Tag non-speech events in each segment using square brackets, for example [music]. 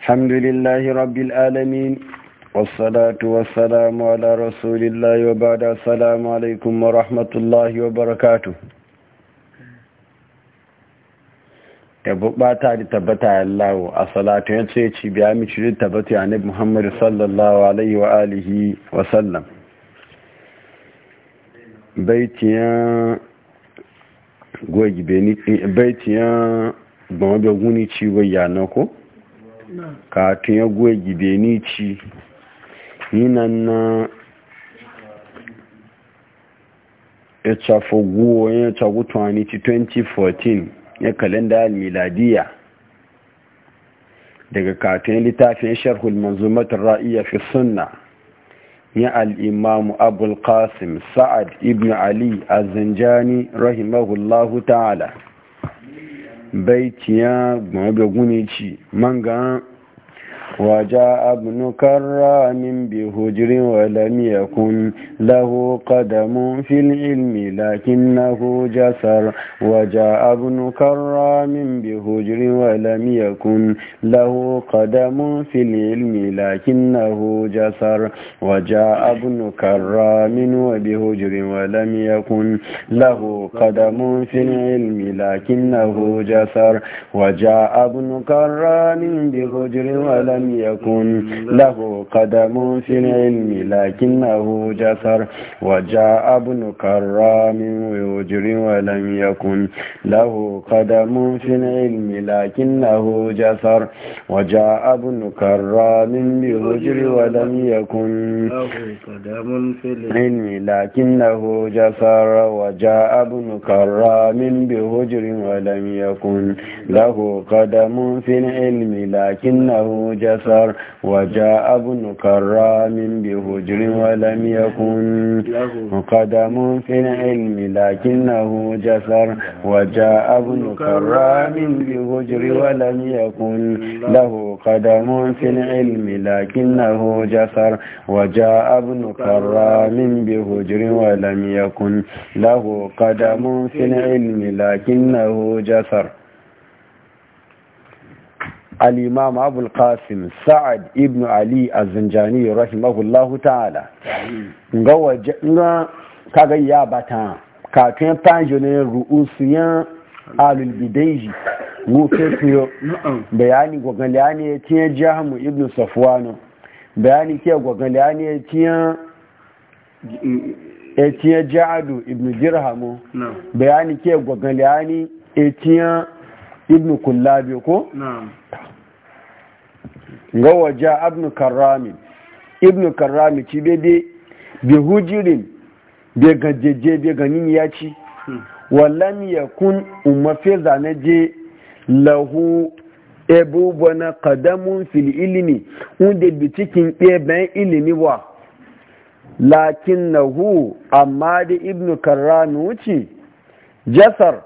الحمد لله رب العالمين والصلاة والسلام على رسول الله وبعد السلام عليكم ورحمة الله وبركاته bata da tabbata ya a salatu ya ce ci biya mi tabbata ya sallallahu alaihi wa alihi wa sallam baitiyan beni ciwo ya ko katun ya goya gide ni ci yinan na ya guwa ya cagu tuwani ci 2014 ya kalenda miladiya daga katun littafin sharhul manzumatar ra'iya fi sunna ya al'imamu abul qasim sa'ad ibn ali a zanjani rahimahullahu ta'ala bai tiya gbagogun ne ci manga. وجاء ابن كرام بهجر ولم يكن له قدم في العلم لكنه جسر وجاء ابن كرام بهجر ولم يكن له قدم في العلم لكنه جسر وجاء ابن كرام وبهجر ولم يكن له قدم في العلم لكنه جسر وجاء ابن كرام بهجر ولم لم يكن له قدم في العلم لكنه جسر وجاء ابن كرام ويجر ولم يكن له قدم في العلم لكنه جسر وجاء ابن كرام بهجر ولم يكن له قدم في العلم لكنه جسر وجاء ابن كرام بهجر ولم يكن له قدم في العلم لكنه جسر الأثر وجاء ابن كرام بهجر ولم يكن قدم في العلم لكنه جسر وجاء ابن كرام بهجر ولم يكن له قدم في العلم لكنه جسر وجاء ابن كرام بهجر ولم يكن له قدم في العلم لكنه جسر al’imam abulkasim sa’ad Ibnu ali a zinjani rahimahullahu ta’ala ga waje na kagayya ba ta kakin fajinin ru’usiyan alulbidaiji mutufiyo bayani gwagwaliya ne tiye jihamu ibn safwano bayani ke gwagwaliya ne tiye tiye jihadu ibn jirhamu bayani ke gwagwaliya ne tiye ibn kullabi ko? ga waje ibn karrami ibn karrami ci daidai bi hujirin bi gajeje bi ganin ya ci hmm. wallan ya kun umarfe zane je lahu ebubuwa na kadamun fil ilimi wanda bi cikin ban ilimi wa lakin nahu amma da ibn karrami wuce jasar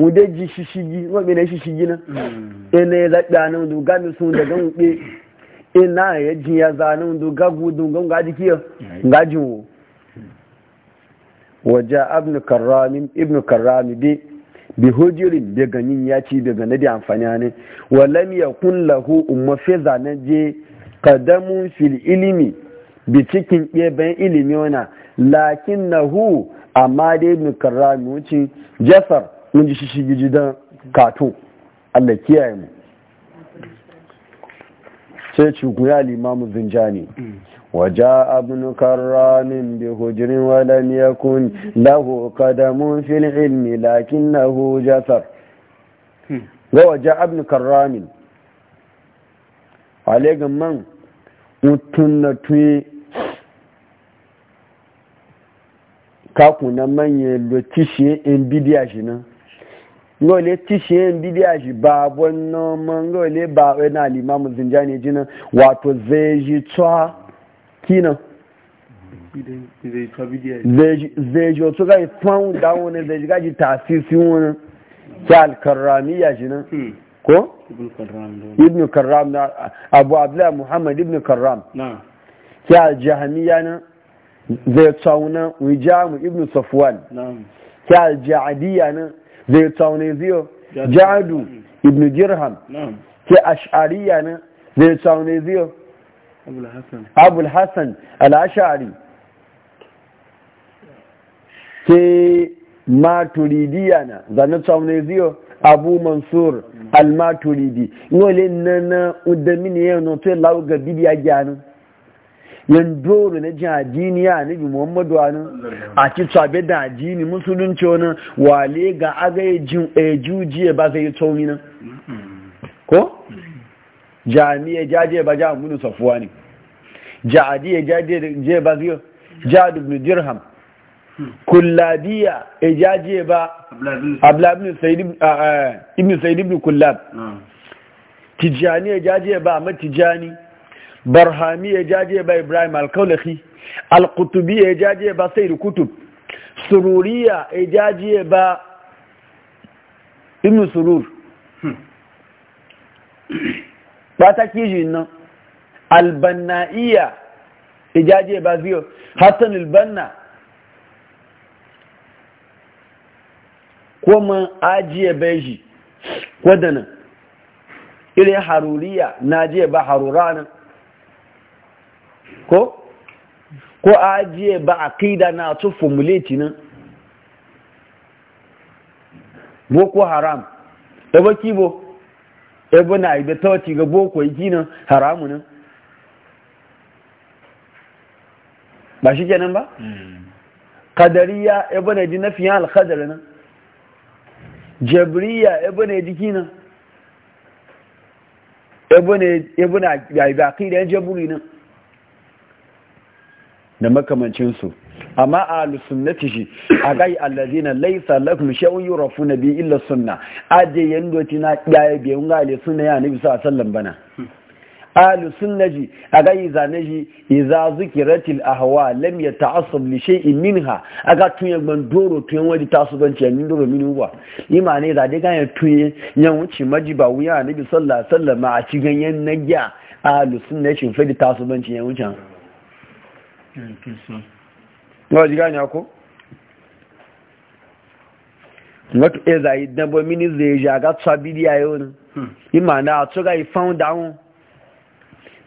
wude shishigi wabe na shishigi na ina ya zaɓi a nan duga mi sun daga wuɗe ina ya ji ya zanen duga gudun gan gaji kiyo gaji wo waje ibn karrami ibn karrami bi bi hujirin da ganin ya ci daga na da amfani ne walam kun lahu umma fi zane je qadamun fil ilimi bi cikin ɗeben ilimi wana nahu amma dai ibn karrami wuce jasar mun ji shishi gigi don kato allah kiyaye mu sai ci kuya limamu ne waje abu nukar ranin da hujirin wadan ya kun lahu kadamun fil ilmi lakin na hujatar ga waje abu nukar ranin a legan man mutum na tuye kakunan manyan lokishiyar nbidiya shi nan ngole tishiyen bidiya shi ba wannan man ngole ba wani alimamu zinjani jina, wato zai ji tsawa kinan zai ji wato gaji fan da wani zai ji gaji tasisi wani ki alkarramiya shi nan hmm. ko? ibn karram na abu abdullahi muhammad ibn karram ki aljahamiya nan zai tsawo nan wijamu ibn safwan ki aljahadiya na. zai tsaune ziyo jadu ibn jirham ke ash'ariya ne zai tsaune ziyo abul hassan alash'ari ke maturidiya na zane tsaune ziyo abu mansur al-maturidi wale nana udamini yau na to lawo ga bibiya gyanu yan doro na jin addini ya nabi muhammadu wani a ci tsabe da addini musulunci wani wale ga aga ya jujiye ba zai yi tsauni nan ko jami'a jaje ba ja gudu safuwa ne ja'adiyya jaje ba zai jadu ibn dirham Kulladiya ya jaje ba ablabin ibn sa'id kullab ah. tijani ya jaje ba amma tijani barhami ya jaje ba ibrahim alkaulahi alkutubi ya jaje ba sayar kutub sururiya ya jaje ba inu surur ba ta ya ba ziyo hassan kuma ajiye beji wadannan irin haruriya na je ba harura ko ko ajiye ba aqida na to formulate nan boko haram da baki bo ebe na ibe tawci ga boko yi nan haramu nan ba shi kenan ba kadariya ebe na fi nafiyan alkadar nan jabriya ebe na jiki nan ebe na ibe aqida yan jaburi nan da makamancinsu amma a sunnati shi a gai allazina laisa lakum shay'un yurafuna bi illa sunna aje yando na daya bi unga ale sunna ya nabi sallallahu alaihi bana ahlu sunnati a gai zanaji idza zikiratil ahwa lam yata'assab li shay'in minha aga tunye gban doro tunye wadi tasubanci min doro min uwa ima ne da dai ga tunye yan wuce ba wuya nabi sallallahu alaihi wasallam a cikin yan nagya ahlu sunnati fa di tasubanci yan wuce yau ji gani ako wato e zai dambo mini zai a yau ne imana a tsoga yi found down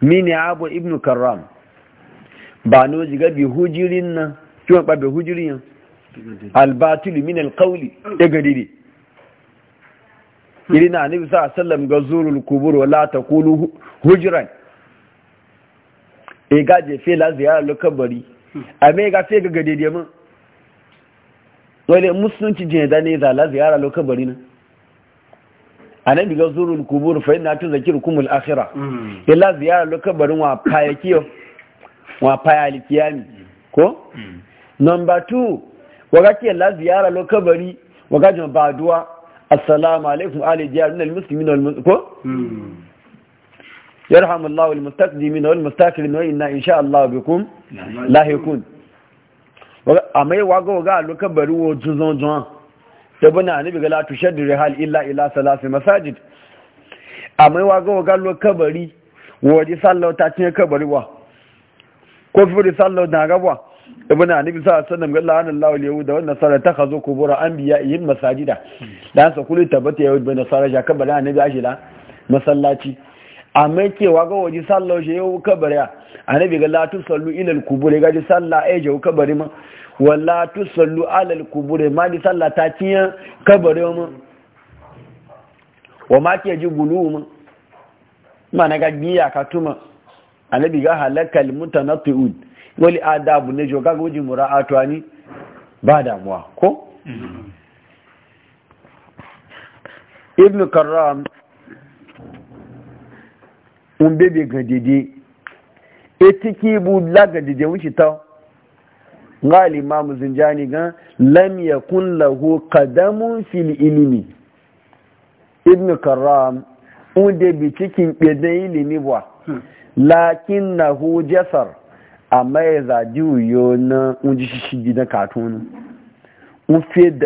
mini abu ibn karam ba no ji ga bi hujirin nan kiwa ba bi hujirin yan albatilu min alqawli ya gadidi hmm. irina nabi sallallahu alaihi wasallam ga zurul qubur wala taqulu hujran e gaje fe la ziyara lokabari a me ga fe ga gade da mun wani musulunci jin da ne za la ziyara lokabari na anan biga zurul kubur fa inna tuzakirukum al akhirah mm. eh, la ziyara lokabarin wa fayakiyo wa fayalikiyami ko mm. number 2 waga ke la ziyara lokabari wakati ba duwa assalamu alaikum ali jiyar nan muslimin ko mm. yarhamu Allah wal mustaqdimin wal mustaqdimin wa inna insha Allah bikum lahikun amai wago ga luka bari wo zuzon zuwa tabana annabi ga la tushaddu rihal illa ila salasi masajid amai wago ga luka bari wo ji ta cin kabari wa ko fi sallau na gabwa ibn annabi sa sallam ga la'an Allah al yahuda wannan sara ta khazo kubura anbiya yin masajida dan sa kullu tabata yahud bin nasara ja kabala annabi ashila masallaci amma cewa ga waje sallah shi yau kabari a annabi ga latu sallu ilal kubure ga ji sallah ai jau kabari ma wala tu sallu alal kubure ma ji sallah ta ciya kabari ma wa ma ke ji gulu ma ma na ga biya ka tuma annabi ga halakal mutanatiud wali adabu ne jo ga goji mura'atu ani ba damuwa ko mm-hmm. ibn karram un bebe gan dede etiki bu la gan dede wuce ta ga limam zinjani gan lam yakun lahu qadamun fil ilmi ibn karam un debi cikin ɓedan ilimi ba hmm. lakin na hu jasar amma ya zaji uyo na unji shishi gidan katonu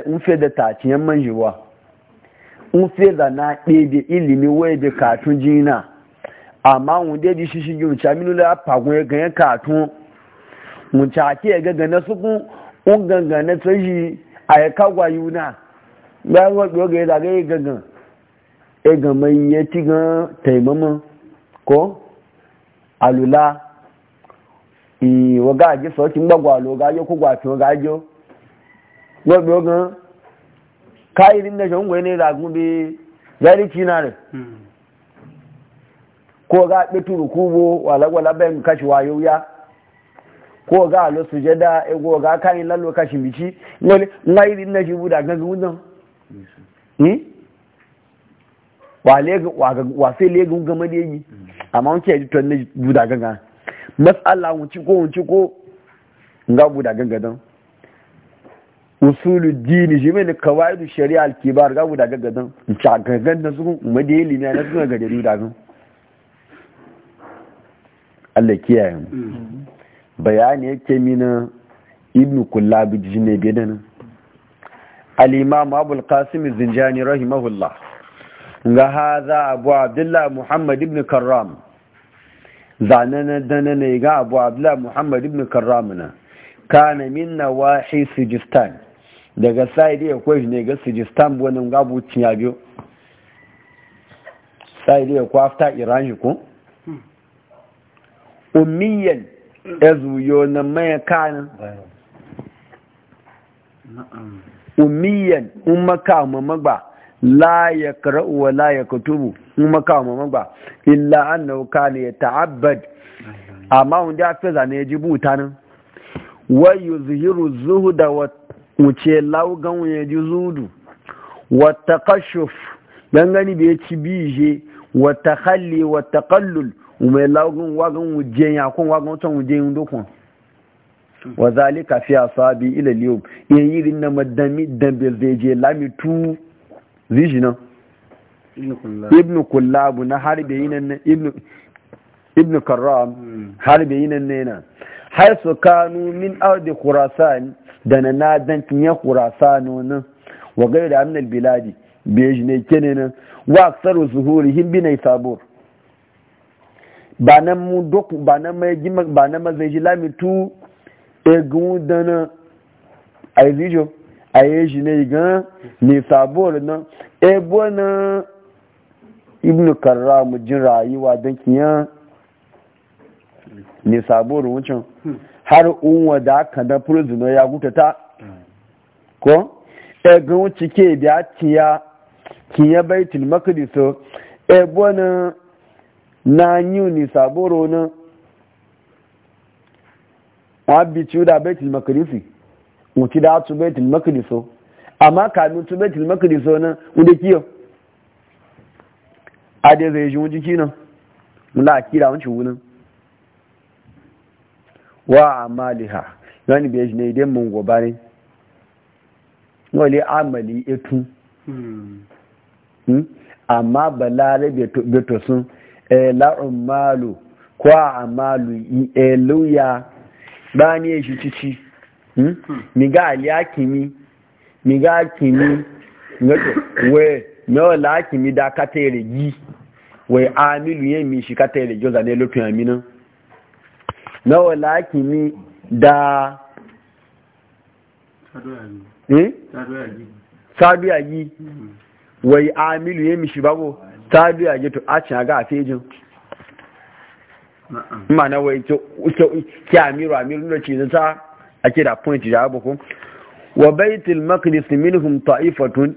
unfe da taciyen manjiwa unfe da na ɗebe ilimi wai da katun jina amma wunde di shi shigi wuce minu la pagun ya ganyen katun wuce ake ya gagana suku un gangana tsayi a ya kagwa yuna bayan wadda ga ya zaga ya gagan ya gama ya ci gan taimaman ko alula iwa gaji sautin gbagwa lo gajo ko gwafin gajo wadda ga kayirin da shan gwai ne zagun bi zari cinare hmm. ko ga ɓitu rukubo wala bayan kashi wayo ya ko ga lo sujada e da ego ga kayin lalo kashi bici ngole ngai na shi da gan nan ni wa sai le gama da yi amma mun ce to ne bu da ganga mas'ala wunci ko wunci ko nga buda ganga usulu dini jime ne kawaidu shari'a al ga bu ganga dan ta na su mu da na su ga da da gan Allah kiyaye mu bayani yake mina ibnu kullabi jine bidan al-imam abul qasim zinjani rahimahullah ga haza abu abdullah muhammad ibn karram zanana danana ga abu abdullah muhammad ibn karram na kana min nawahi sijistan daga saidi akwai ne ga sijistan wannan gabu cinya biyo saidi akwai after iran ko Umiyan ya zuyo na maya kanin umiyan umaka makama magba la ya kara'u wa la ya kutubu umaka makama magba illa annahu kana ya ta'abbad amma wanda ya fi zane ya ji buta nan wai zuhiru zuhu da wuce laugan ya ji zudu wata kashuf dan gani bai ci bije wata takhalli wata kallul umar lagun wagon wujen yakon wagon can wujen yin dokun wa zalika fi asabi ila liyum in yi rin na madami dambe zai je lami tu zishi na. ibn kullabu na harbe yi nan ibn karam hmm. harbe yi nan yana har su kanu min ardi khurasan da na nadan kinye khurasano nan wa gaira amnal biladi bai ne Wa nan wa aksaru zuhurihim bi naysabur ba na mu doku ba na mai jima ba na zai ji lami tu egun dana a yi zijo a yi shi ne gan ne sabuwar na ebo e na ibnu mu jin rayuwa don kiyan ne sabuwar wucin har unwa da aka na prisoner ya gutata ko egun cike da kiya kiya baitul maqdis ebo na na nyu ni saboro na wa bi ci da beti maqdisi mu ci da tu beti maqdiso amma kanu tu beti maqdiso na wanda kiyo ade zai ji wuji kina a kira wancin wunin wa amaliha yani bai ne idan mun goba ne wale amali etu hmm. hmm? amma balare bai to sun Eh, la'un malu ko a malu eluya eh, ba ni shi e cici hmm? hmm. mi ga aliyakimi mi ga kimi we mewa la'akimi da katere yi we amilu yin mi shi katere joza ne lopin amina mewa la'akimi da sadu yi. wai amilu yin mi shi babo ta biya gitu a cin aga a fejin ma na wai ki amiru amiru da ce ta ake da point da abu ko wa baitul maqdis minhum ta'ifatun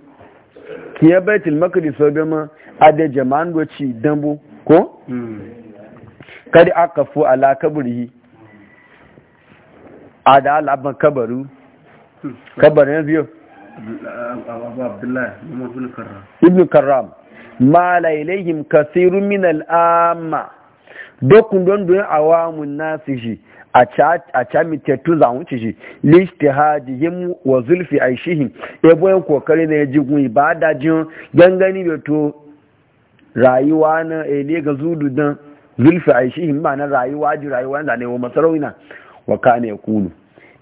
ki ya baitul maqdis da ma ada jama'an doci dambo ko hmm. kada aka fu ala kaburi ada alaban kabaru hmm. kabarin biyo abdullahi ibn karram ma la kasirun min al'amma dokun don don awamun nasu shi a ca mitattu zamun ci shi lishtihadihim wa zulfi aishihim ebo yin kokari na ya ji gun ibada jin gangani da to rayuwa na ele ga zudu don zulfi aishihim ba na rayuwa ji rayuwa na ne wa masarauna wa kane kunu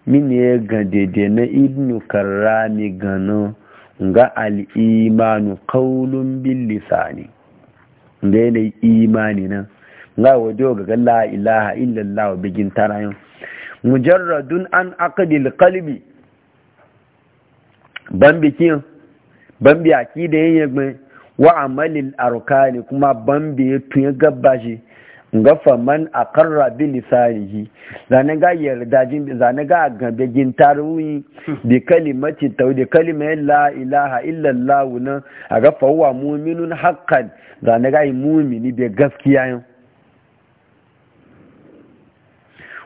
min ne ga dede na ibnu karrami ganin ga al'imanu kaulun bin lisani da yanayi imani nan ga waje ga la ilaha illallah bigin tarayin mujarradun an aqdil qalbi ban bikin ban bi da yin yagbe wa amalil arkani kuma ban bi gabashi gafa man a karra bi lisanihi zane ga yarda jin zane ga gabe gin bi kalimati tawhid kalimai la ilaha illa na a gafa wa mu'minun haqqan zane ga mu'mini bi gaskiya yin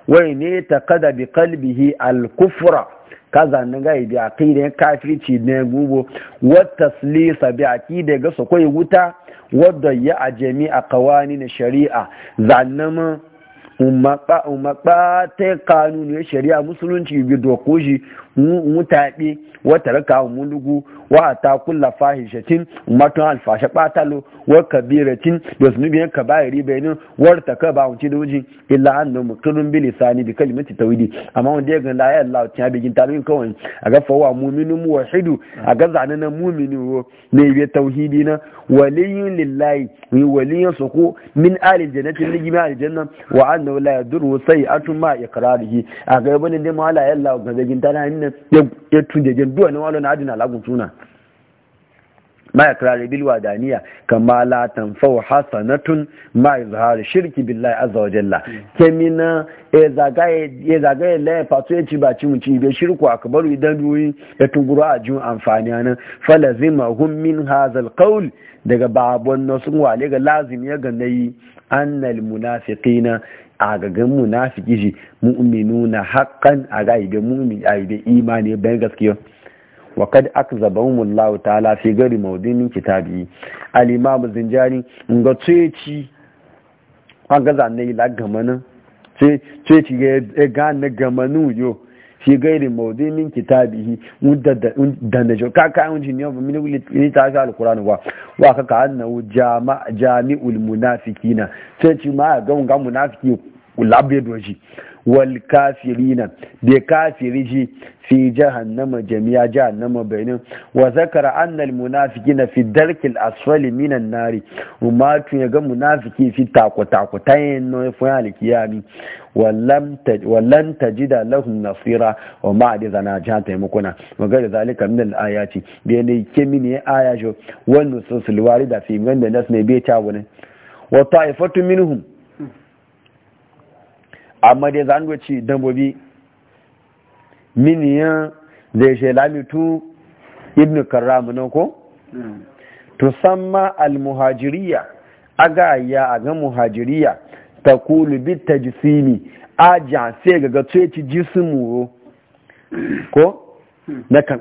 wai ne ta kada bi kalbihi al kufra ka na ga bi aqidan kafirci ne gugu wata taslisa bi aqida ga su koyi wuta wadda ya a jami'a kawani na shari'a zannama umarba ta kanuniyar shari'a musulunci bi dokoshi mutaɓe wata raka mulugu wa ata kulla fahishatin umatun alfashe batalo wa kabiratin da zunubiyan kabairi bayanin warta ka ba wuce da wuji illa annu muqirrun bi lisani bi kalimati tawhidi amma wanda ya ga la ilaha illallah ta bigin talin kawai a ga fawa mu'minu muwahhidu a ga na mu'minu ne bi tauhidi na waliyun lillahi ni waliyun suku min ahli jannati li jami'a aljanna wa annahu la yadurru sai'atun ma iqrarihi a ga ibn da mala yalla ga bigin talin ne ya tunje jan duwa ne wala na adina lagun tuna. ma ikrari bil wadaniya kama la tanfau hasanatun ma izhar shirki billahi azza wa jalla kemina ya zagaye e zagaye ya ci yaci ba ci muci be shirku akbaru idan duyi ya a jun amfani anan falazima hum min hadha kawul daga babon nasu wale ga lazim ya ganayi annal munafiqina a gagan munafiki ji mu'minuna haqqan a ga a ibe imani bayan gaskiya wa kad akzabahumullahu ta'ala fi gari maudinin kitabi al-imam zinjani ga tsoyeci an ga zanne la gamanin tsoyeci ga ga na gamanu yo fi gari maudinin kitabi da na jo kaka an jin yau min wuli ta ga alquran wa wa kaka annahu jami'ul munafiqina tsoyeci ma ga munafiki labe doji wal kafirina bi kafiriji fi jahannama jami'a jahannama bainin wa zakara annal munafiqina fi darkil asfali minan nari umma ya ga munafiki fi tako tako tayin no fun alkiyami wallam taj wallan tajida lahum nasira wa ma zana jan taimakona wa ga zalika min al ayati ke ne kemini ayajo wannan sun sulwari da fi min da nas ne bai ta wani wa ta'ifatu minhum amma dai za mu ci dambobi miniyan zai she lamitu ibn karram nan ko hmm. tusamma al-muhajiriya aga ya aga muhajiriya ta bit tajsimi aja sai ga ga tsoye ci jismu hmm. ko hmm. na kan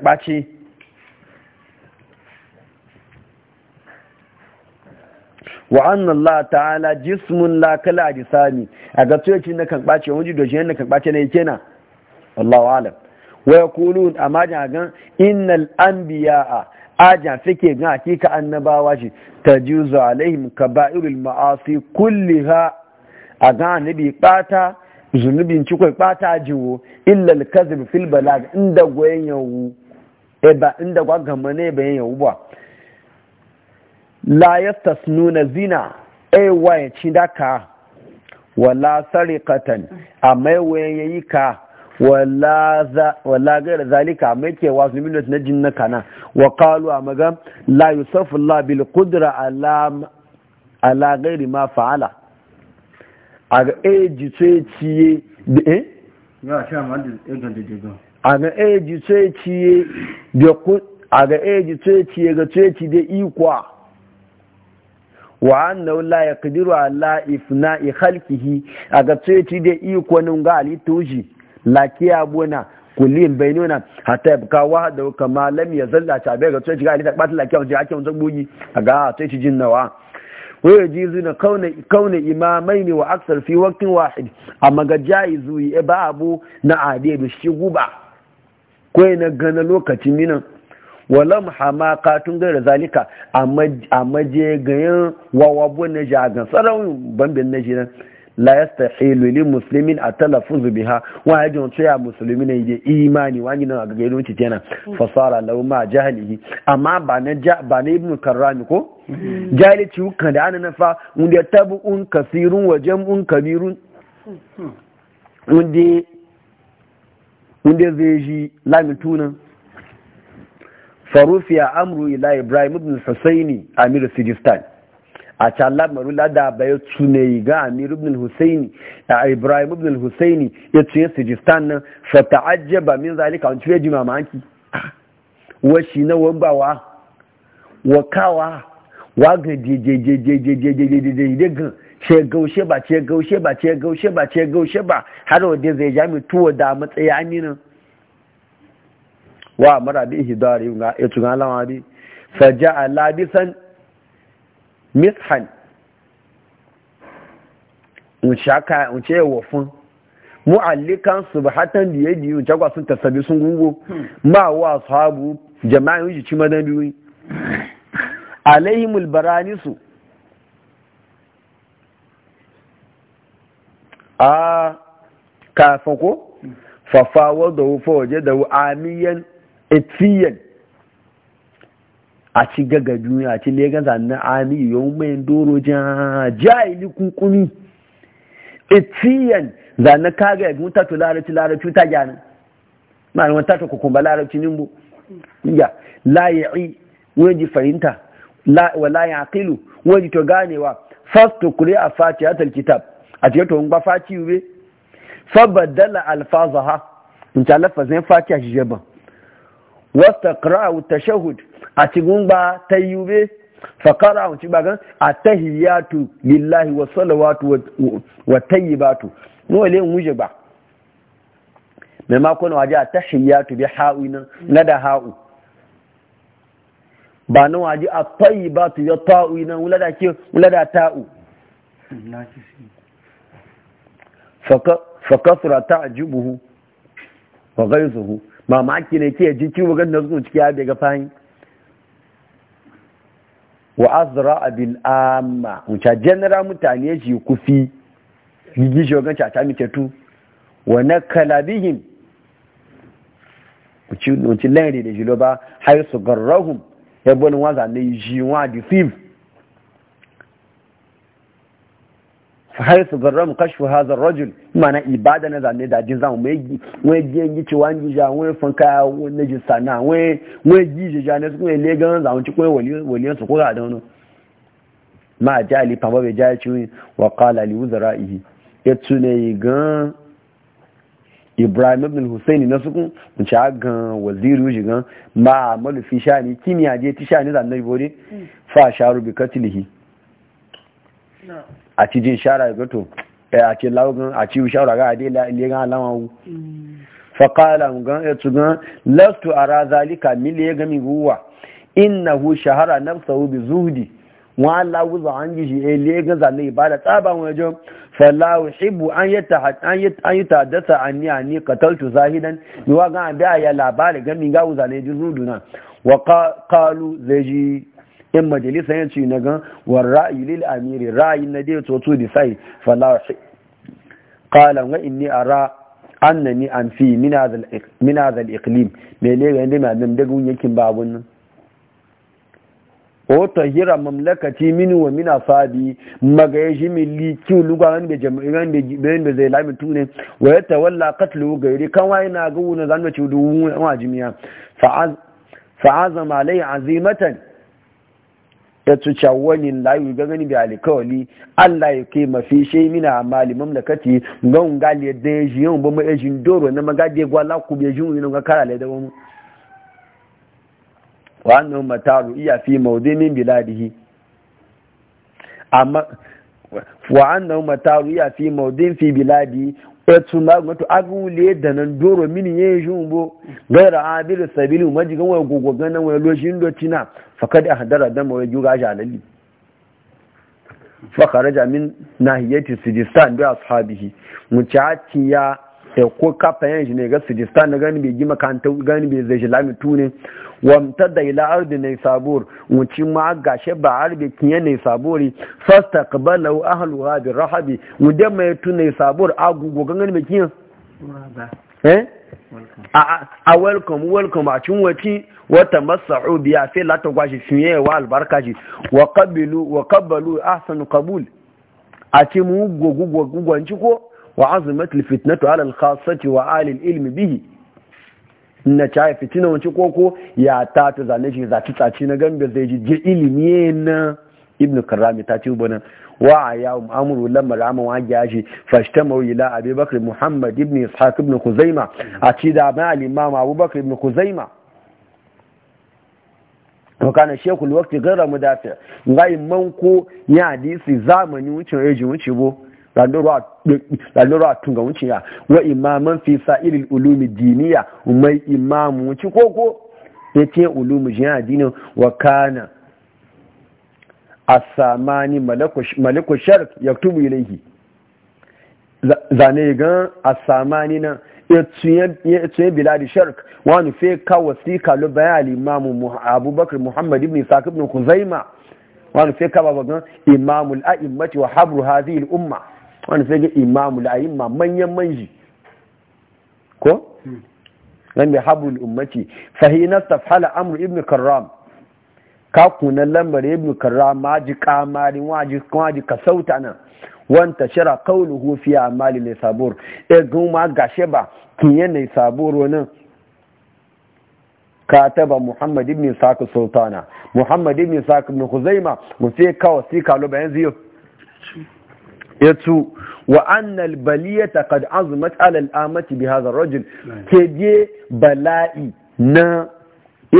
wa Allah ta'ala jismun la kala sami a ga tsoyaci na kan ɓace wani doshi yana kan ɓace na yake na wallahu alam wa yaqulun amma jagan innal anbiya'a aja fike ga hakika annabawa shi tajuzu alaihim kaba'irul ma'asi ha. a ga annabi ɓata zunubin ci kwai bata jiwo illa al fil balag inda gwayen yawu ba inda gwagamane bayan yawu ba la yastasnuna zina eh, ay ci daka wala sariqatan amma waye yayi ka wala za wala gair zalika mai ke wasu minut na jinna kana wa qalu amaga la yusafu la bil qudra ala ala gairi ma fa'ala a ga eji eh, tsaye ciye eh ya sha ma da a eh, ga eji tsaye ciye da a ga eji tsaye ciye ga tsaye ci da ikwa wa annahu la yaqdiru ala ifna'i khalqihi aga tsaye da iko nun ga alituji lakiya bona kullin bainuna hatta yabka wahda kama lam yazalla ta bai ga ali ga alita batin lakiya wajen ake wajen bogi aga tsaye jin nawa wa yajizu na kauna imamai ne wa aksar fi waqtin wahid amma ga jaizu e ba abu na ade da shi guba ko na gana lokacin minan walam katun katun gaira zalika a maje ganyen wawa buwan a gan sarawin bambin na jinan la yastahilu a talafin zubi ha wa yajun tsaya musulmi na yi imani wa nan ga gaidon ci tiyana fasara lau ma jahilihi amma ba na ba karrami ko mm-hmm. ci kan da ana fa wanda ya un kasirun wajen un kabirun hmm. wanda wanda zai ji lamitunan farufiya amru ila ibrahim ibn husaini amir sijistan a cala marula da ba ya tune ga amir ibn husaini a ibrahim ibn husaini ya tune sijistan nan ajiye ba min zalika an tuye jimamaki wa shi na wambawa wa kawa wa ga jejejejejejejejejeje ba zai tuwo da matsayi wa mara bi ihdari nga etu nga lawa bi faja'a labisan mishan unshaka unche wo fun mu'allikan subhatan bi yadi unchagwa sun tasabi sun gungo hmm. ma wa ashabu jama'in yi ci madan biyu alaihimul baranisu a kafin ko hmm. fafawa da wufa waje da amiyan etsiyen a ci gaga duniya a ci legan na ani yau mai doro jahili kunkumi etsiyen zanen kaga ya gunta to larabci larabci ta gyanin ma'ana wata ta kukumba larabci nimbo ya layi wani ji fahimta wa layi akilu wani to ganewa fasto kure a fati hatar kitab a cikin to ba fati ube fa badala alfazaha in ta lafazin fati a shi jaban wasta ƙara'u ta shahud a cikin ba ta yube fakara wuce ba gan a tahiyatu lillahi wa salawatu wa tayyibatu le wuje ba maimakon waje a tahiyatu bi ha'u na da ha'u ba na waje a tayyibatu ya ta'u nan wula da ke wula ta'u fakasura ta wa gaizuhu mamaki ne ke ji ciwo ga nasu ciki ya daga fahim wa azra abil amma wuce general mutane ji kufi gigi shogan cata mace tu wa na kalabihim wuce lanyar da jilo ba har su garrahun ya bani waza yi, yi wa deceive haisu garram kashfu hazar rajul mana ibada na zane da jin zan wai wai biyan gici wangi ja wai fanka wai ji sana wai wai ji ja ne su wai legan zan ci ko wali wali su ko ga da wono ma ja ali pamba be ja ci wa qala li wuzra'ihi yatsu yi gan ibrahim ibn husaini na sukun mun ci gan waziru shi gan ma malufi shani kimiya je ti shani zan nabi bode mm. fa sharu bi katilihi a ti jin shara ga to eh, a ci laugun a ci shara ga ade ile ga alawan wu faƙala gan etu eh, gan lastu ara zalika mili ya gami guwa hu shahara nafsahu bi zuhudi wa la wuza an ji shi ele eh, ga zalai da tsaba wajen fala uhibbu an yata an yata dasa anni anni qataltu zahidan yuwa ga an biya ya labari gami ga wuza ne jin ruduna wa qalu zaji in majalisa yanci na gan war ra'ayi lil amiri ra'ayi na dai to to decide falahi qala wa inni ara annani an fi min hadha min hadha al-iqlim me ne ga inda mamin da gun yakin babun nan o hira mamlakati min wa min asabi magayaji shi li ki luga ran da jama'an da bayan da zai lami tune wa yatawalla qatlu gairi kan wai na ga wuna zan ci duwun wa jimiya fa'az fa'azama alai azimatan ya tuca wani layu gangani bi alikawali Allah ya kai mafi shi mina amma limam da kati gan gali ya dan shi yau bama ya jin doro na magadi ya gwala ku bai jin wani ga kara da wani wannan mataru iya fi maudinin biladihi amma wa annahu mataru iya fi maudin fi biladi etu na wato agule da nan doro mini ya yi jumbo gaira abiru sabili majigan na gogo ganin hadar loshin docina fakad a hadara dan mawai juga shi alalli fakaraja min nahiyati sijistan bi ashabihi ya? e ko kafa yan shi ne ga sujistan na gani bai gima kanta gani bai zai shilami tune wamta da ila ardi ne sabur wucin ma gashe ba arbi kiyan ne sabori fasta ahalu ahlu hadi rahabi mude mai tune sabur agugo gangan mai kiyan a welcome welcome a cin wati wata masa'u biya sai lati gwashi fiye wa albarka shi wa kabbalu a qabalu ahsanu a ce mu gogo gogo ko wa azumat alfitnatu ala alkhassati wa ali alilmi bihi na cai fitina wace koko ya ta zane shi zaci tsaci na gambe zai ji je ilimi na ibn karami ta ci bana wa ya amuru lamma rama wa ya shi fashtamu ila abubakar muhammad ibn ishaq ibn kuzaima a ci da ma al-imam abubakar ibn kuzaima wakana shekul wakti gara mudafi ngai manko ya hadisi zamani wucin rejin wuce bo lalura a tunga wuce ya wa imaman fi sa'irin ulumi diniya mai imamu wuce koko ya ce ulumi jina dini wa kana a samani malakwa shark ya tubu ilaihi zane gan a samani na ya biladi shark wani fe kawo si kalu bayan alimamu abubakar muhammad ibn isa ibn kuzaima wani fe kawo babagan imamul a'immati wa habru hadhihi al-umma wani sai ga imamu la'ayimma manyan manji ko wanda hmm. habul ummati fahina tafhala amru ibn karram ka kuna lambar ibn karram ma ji kamari waji waji ka sauta nan wanta shara qawluhu fi mali mai sabor e guma gashe ba kiyen ne sabur wannan kataba muhammad ibn saka sultana muhammad ibn saka ibn huzaima mu sai kawo sai kalo bayan ziyo hmm. yatsu wa annal baliyata qad azmat ala al bi hadha ar-rajul bala'i na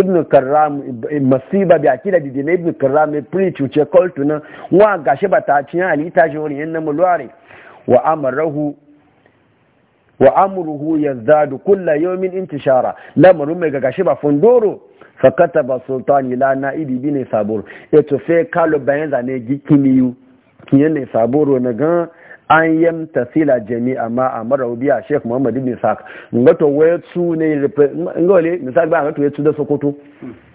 ibn karram masiba bi akida di na ibn karram preach uche call na wa gashi bata cin ali ta jori yan nan mulware wa amarahu wa amruhu yazdadu kulla yawmin intishara lamarin mai gashi ba fundoro fa kataba sultani ila na'ibi bi ne sabur eto sai kalo bayan zane gikimiyu kiyan ne saboro na gan an yam sila jami'a ma a maraudiya sheikh muhammadu bin saq ngato waye su ne ngole misali ba ngato waye su da sokoto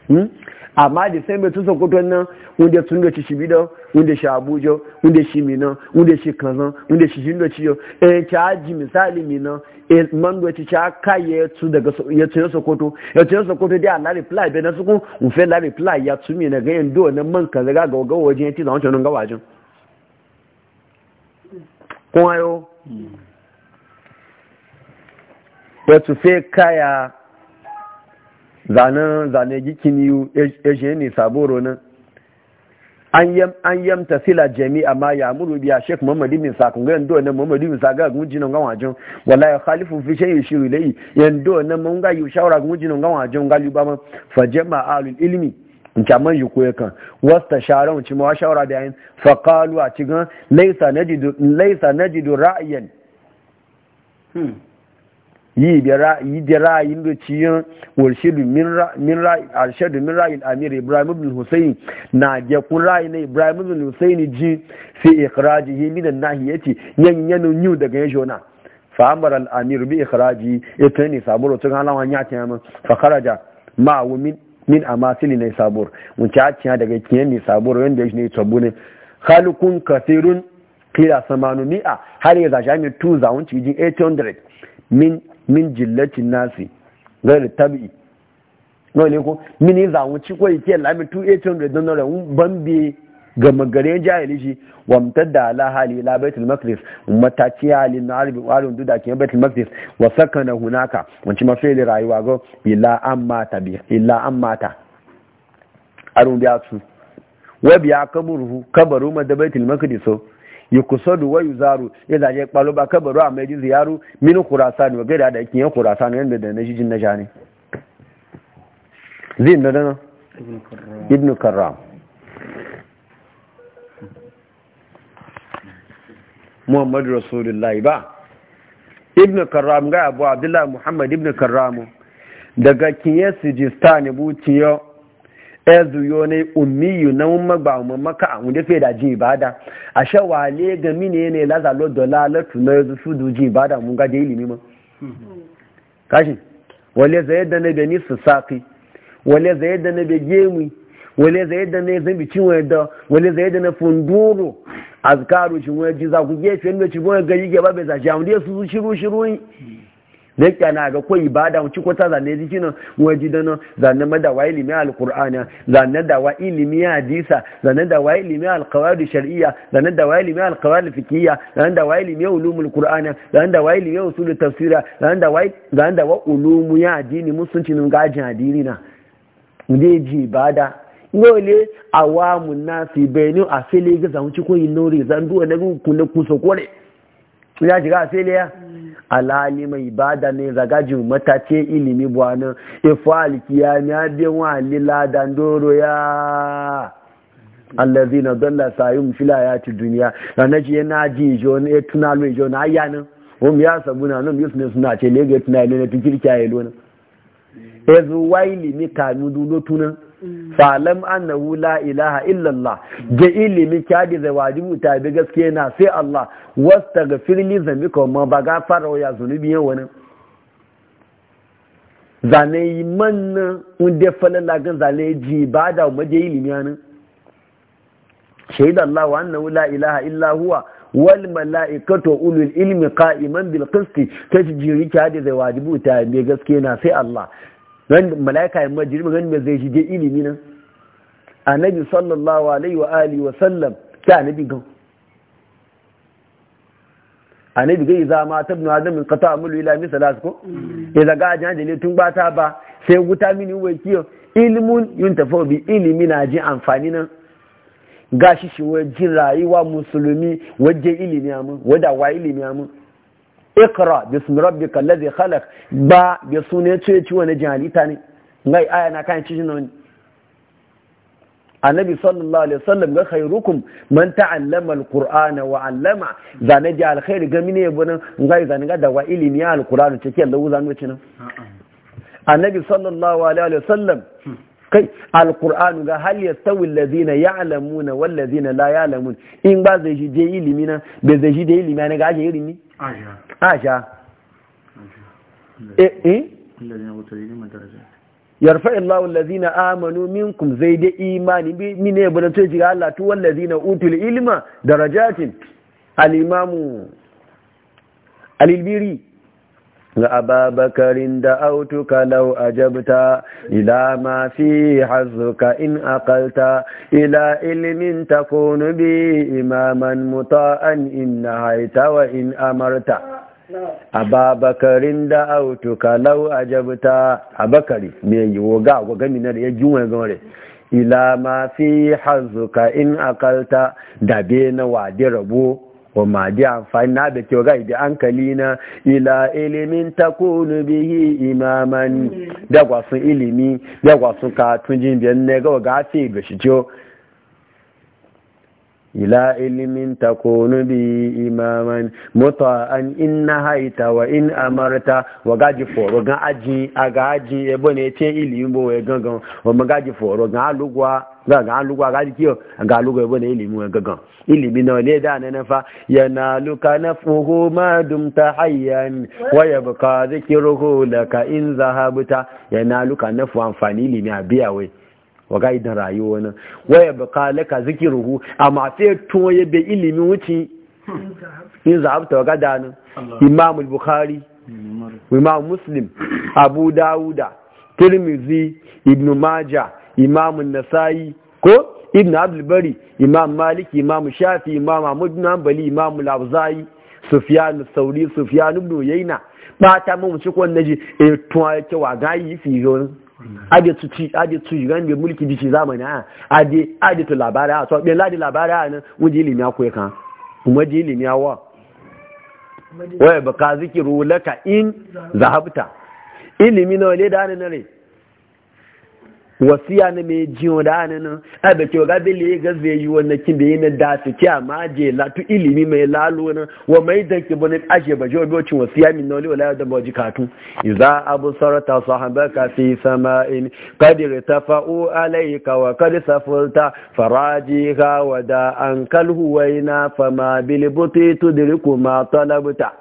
hmm? amma da sai mai tusa kudin nan wanda sun da shi bidan wanda shi abuja wanda shi minan wanda shi kazan wanda shi jindo ciyo eh ta ji misali minan e man da ci ta kaye tu daga ya ce sokoto ya ce sokoto dai na reply bai na suku mu fe la reply ya tu mi na ga yin do na man kaza ga ga wajen ti da wancan ga wajen kwayo wato fe kaya zanen zane gikin yiwu ejiye ne saboro nan an yamta sila jami'a amma ya muru biya sheik muhammad ibn sakun ga yando na muhammad ibn sakun ga gujinan ga wajen wala ya khalifu fi shay yushiru lai yando na mun ga yushawara gujinan ga wajen galiba ma fa jama'a alul ilmi kyaman yi koya kan wasta sharan ci mawa shawara da yayin faƙalu a cikin laisa na jido ra'ayin hmm. yi da ra'ayin da ciyin warshidu min ra'ayin amir ibrahim ibn hussein na jakun ra'ayin na ibrahim ibn hussein ji fi ikirajihi minan nahiyati yan yanin yu daga yanzu shona fa'amar al'amir bi ikiraji ita ne sabuwar rotun halawa ya ta ma fakaraja ma'awumin min a amasili ne sabur mun ci hacciya daga kiyan ne sabur wanda ya shi ne tabbu ne khalukun kafirun kira samanu mi'a har ya zashi amin tu za wunci jin 800 min min jillatin nasi gari tabi'i no ne ko min zawun ci ko kiyan lamin tu 800 don nore ban bambi ga magare jahilishi shi wamtar da ala hali ila baitul maqdis mataci halin na arbi walun duda ke baitul maqdis wa sakana hunaka wanci ma fili rayuwa go illa amma tabi illa amma ta arun biya su wa biya kaburuhu kabaru ma da baitul maqdis yukusadu wa yuzaru yadda ya kwalo ba kabaru a mai ziyaru min khurasan wa gaida da kin khurasan yanda da nashi jin najani zin da dana ibn karram muhammadu rasulullahi ba ibn karram ga abu abdullah muhammad ibn karram daga kinye jista ne tiyo ezu yo ne ummiyu na umma ba umma maka an da feda ji ibada a shawale ga mine ne lazalo dalalatu na yanzu su duji ibada mun ga da ilimi ma kashi wale zai da na bani su saki wale zai da na bege gemi wale zai da ne zan bicin wani da wale zai da na funduru azkaru shi wani jiza ku gefe ne ci wani gari ba bai zaci amma dai su shiru shiru yi da yake na ga ko ibada da wuce kwata zane jiki nan waje da nan zane madawa ilimi alkur'ana zane da wa ilimi hadisa zane da wa ilimi alkawari shari'a zane da wa ilimi alkawari fikiyya zane da wa ilimi ulumul qur'ana zane da wa ilimi usul tafsira zane da wa zane da wa ulumu ya addini musunci ga gajin addini na mu je ji ibada ngole awamu nasi benu afele ga zamu ci koyi lori zan duwa na gun kula kusa kore ya ji ga fele. ya mm. alali mai ibada ne zagaji mata ce ilimi bwana ifu alkiya ne abin wa lila doro ya allazina dalla sayum fil ayati dunya ranaji yana ji jo ne tuna lo jo na ayana hum ya sabuna nan yusne suna ce lege tuna e ne tun kirkiya yelo na mm. ezu waili ni kanu dulo tunan Mm. falam annahu la ilaha illallah ga ilimi kyadi da wajibu ta bi gaske na sai Allah wastaghfir li zambika ma ba gafara ya zunubi yan wani zane yi manna unde falala gan zane ji ba da maje ilimi yanin shaida Allah wa annahu la ilaha illa huwa wal mala'ikatu ulul ilmi qa'iman bil qisti kaji jiri kyadi da wajibu ta bi gaske na sai Allah ran malaika ya majiri magan me zai shige ilimi nan annabi sallallahu alaihi wa alihi wa sallam ta annabi gan annabi gai za ma tabnu adam min qata amulu ila min salas ko mm. idza ga ajan da tun ba ta ba sai wuta mini wai kiyo ilmun yuntafa bi ilmi na ji amfani nan gashi shi wajen rayuwa musulmi wajen ilimi amu wada wa ilimi amu ikra bismi rabbika allazi khalaq ba bi sunan ce ciwo wani jahalita ne ngai aya na kan cikin nan annabi sallallahu alaihi wasallam ga khairukum man ta'allama alqur'ana wa 'allama zane ji alkhair ga mine bunin ngai zane ga da wa ilimi ce ke Allah uzan wace nan annabi sallallahu alaihi wasallam kai alquran ga hal yastawi alladhina ya'lamuna wal ladhina la ya'lamun in ba zai je ilimi na be zai je ilimi na ga je ni aisha eh eh yarfa illahu amanu minkum zai imani bi mine ya bada tuci Allah tu wallazina utul ilma darajatin al-imamu ga ababakarin da autuka lau jabta, ila ma fi hazuka in akalta ila ilimin takunu bi imaman muta'an in nahaita wa in amarta ababakarin da autuka lau ajabta abakari me yiwo ga na minar ya jinwa gore ila ma fi hazuka in akalta da be na wadi rabo wa ma di amfani na da kyau gai da hankali na ila ilimin kunu bihi imaman da ilimi da gwasun katun biyan ne ga ga fi da shi ila ilimin takunu bi imaman muta an inna haita wa in amarta wa gaji foro gan aji aga aji ebo ne te ilimin bo we gangan wa magaji foro gan alugwa ga ga alugwa ga kiyo ga alugwa ebo ne ilimin we gangan ilimi na le da na nafa yana luka nafuhu ma dum dumta hayyan wa yabqa dhikruhu laka in zahabta yana luka nafu amfani ilimi abiya we wa ga idan rayuwa nan waya baka laka zikiruhu a mafi tuwa ya bai ilimi wuce in zahabta wa gada nan imam bukhari imam muslim abu Dawuda, tirmizi ibn maja imam Nasayi ko ibn abdul bari imam malik imam shafi imam amudu na imam al sufiyanu sauri sufiyanu ibn uyayna ba ta mu ci naji e to ya ke wa gayi fi yi ade su ci ade tu yigan da mulki dici zamani a ah, ade ade tu labara a ah, so be ladi labari a ah, nan wuje ilimi akwai kan kuma je ilimi awa waya baka zikiru laka in zahabta ilimi na wale da hannun rai wasiya na mai jiyo da hannun a da kyau gabi le ga zai yi wani kin da yi na da su kya ma je latu ilimi mai lalo na wa mai da ki bane ashe ba jiyo biyo cin wasiya min nauli wala da baji katu a abu sarata sahabaka fi sama'in qad irtafa'u alayka wa qad safulta farajiha wa da an kal na fama bil buti tudriku ma talabta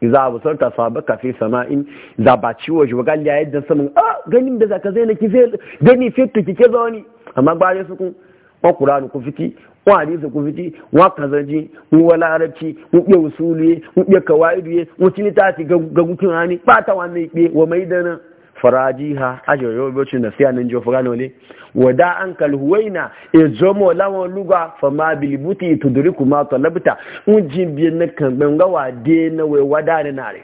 iza abu ta sabu kafe sama'in za ba ciwo shi wagal ya yadda samun a ganin da zaka zai na ki zai gani fitu ki ke zaune amma ba su suku wa qur'anu ku fiti wa hadisi ku fiti wa kazaji mu wala arabci mu biya usuli mu biya kawaidu mu ta ga gutun rani, ba ta wannan ɓe wa maidana farajiha ajoyo bocin da siya nan jofa gano ne wada an kalhuwaina e zomo lawo luga fa ma bilbuti tudriku ma talabta un ji biyan na kan ban ga na wai wada ne na re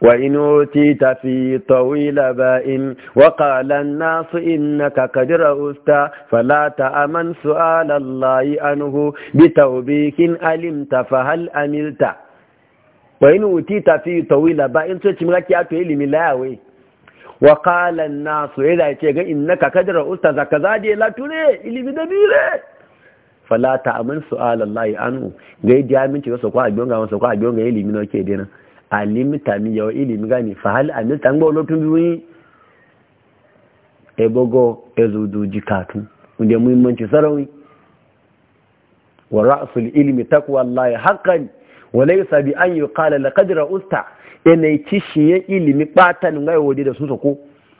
wa in utita fi tawila ba'in wa qala an-nas innaka kadra usta fala ta'man su'ala allahi anhu bi tawbikin alimta fa hal amilta wa yin wuti tafi tawila ba in so cimra ki ato ilimi layawe wa na an-nasu eh, idha yace ga innaka kadra ustaza kaza de la ture ilimi da biyu bire a ta'amin su'al Allah anhu ga yi ya minci wasu kwa abiyonga wasu kwa abiyonga ilimi no ke dena alimi tami yawa ilimi gani fa hal amin tan gbo lotun biwi ebogo ezudu jikatu unde muhimmanci sarawi wa ra'sul ilmi taqwa Allah haqqan walaysa bi an yuqala laqad ra'usta yana kishi ya ilimi batan ngai wode da su sako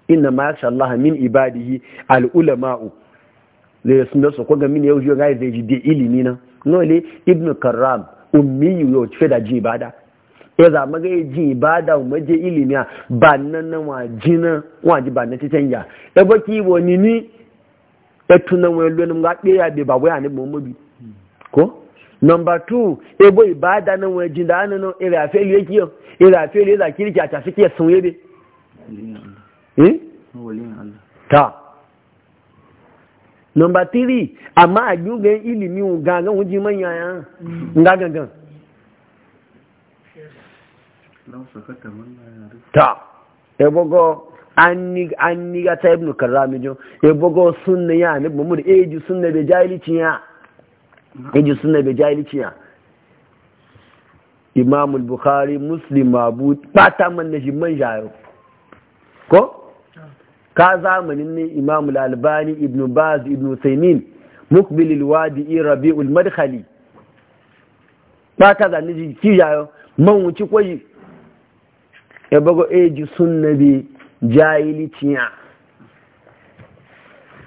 inna ma sha min ibadihi al ulama'u le sun ga min yau ga zai ji ilimi na no le ibnu karram ummi yo ce da ji ibada ya e zama ga ji ibada mu je ilimi ba nan nan wa jina wa ji ba nan ta canja da e baki woni ni da e tunan wani lonin ga ɗaya bai ba waya ne mu ko Number two, ebo ibada na wọn jin daa nínú èrè àfẹ́lú èkì ọ̀, èrè àfẹ́lú èdà kìrìkì àtàfikì ẹ̀sùn ebe. Ta. Number three, àmá àjúgẹ ìlìmí gangan wọn jí mọ́yìn àyà ńgá gangan. Ta. Ẹgbọ́gọ́ anigata ibn Karamijo, Ebogo sunna ya eji sunna be jahili ya. yaji suna da jahilciya Imamul bukhari muslim abu bata man na man jayo ko ka zamanin ne imamul albani ibn baz ibn usaymin mukbil al-wadi rabi'ul madkhali bata zanni ji ki jayo man wuci koyi e e ya bago eji sunna bi jahilciya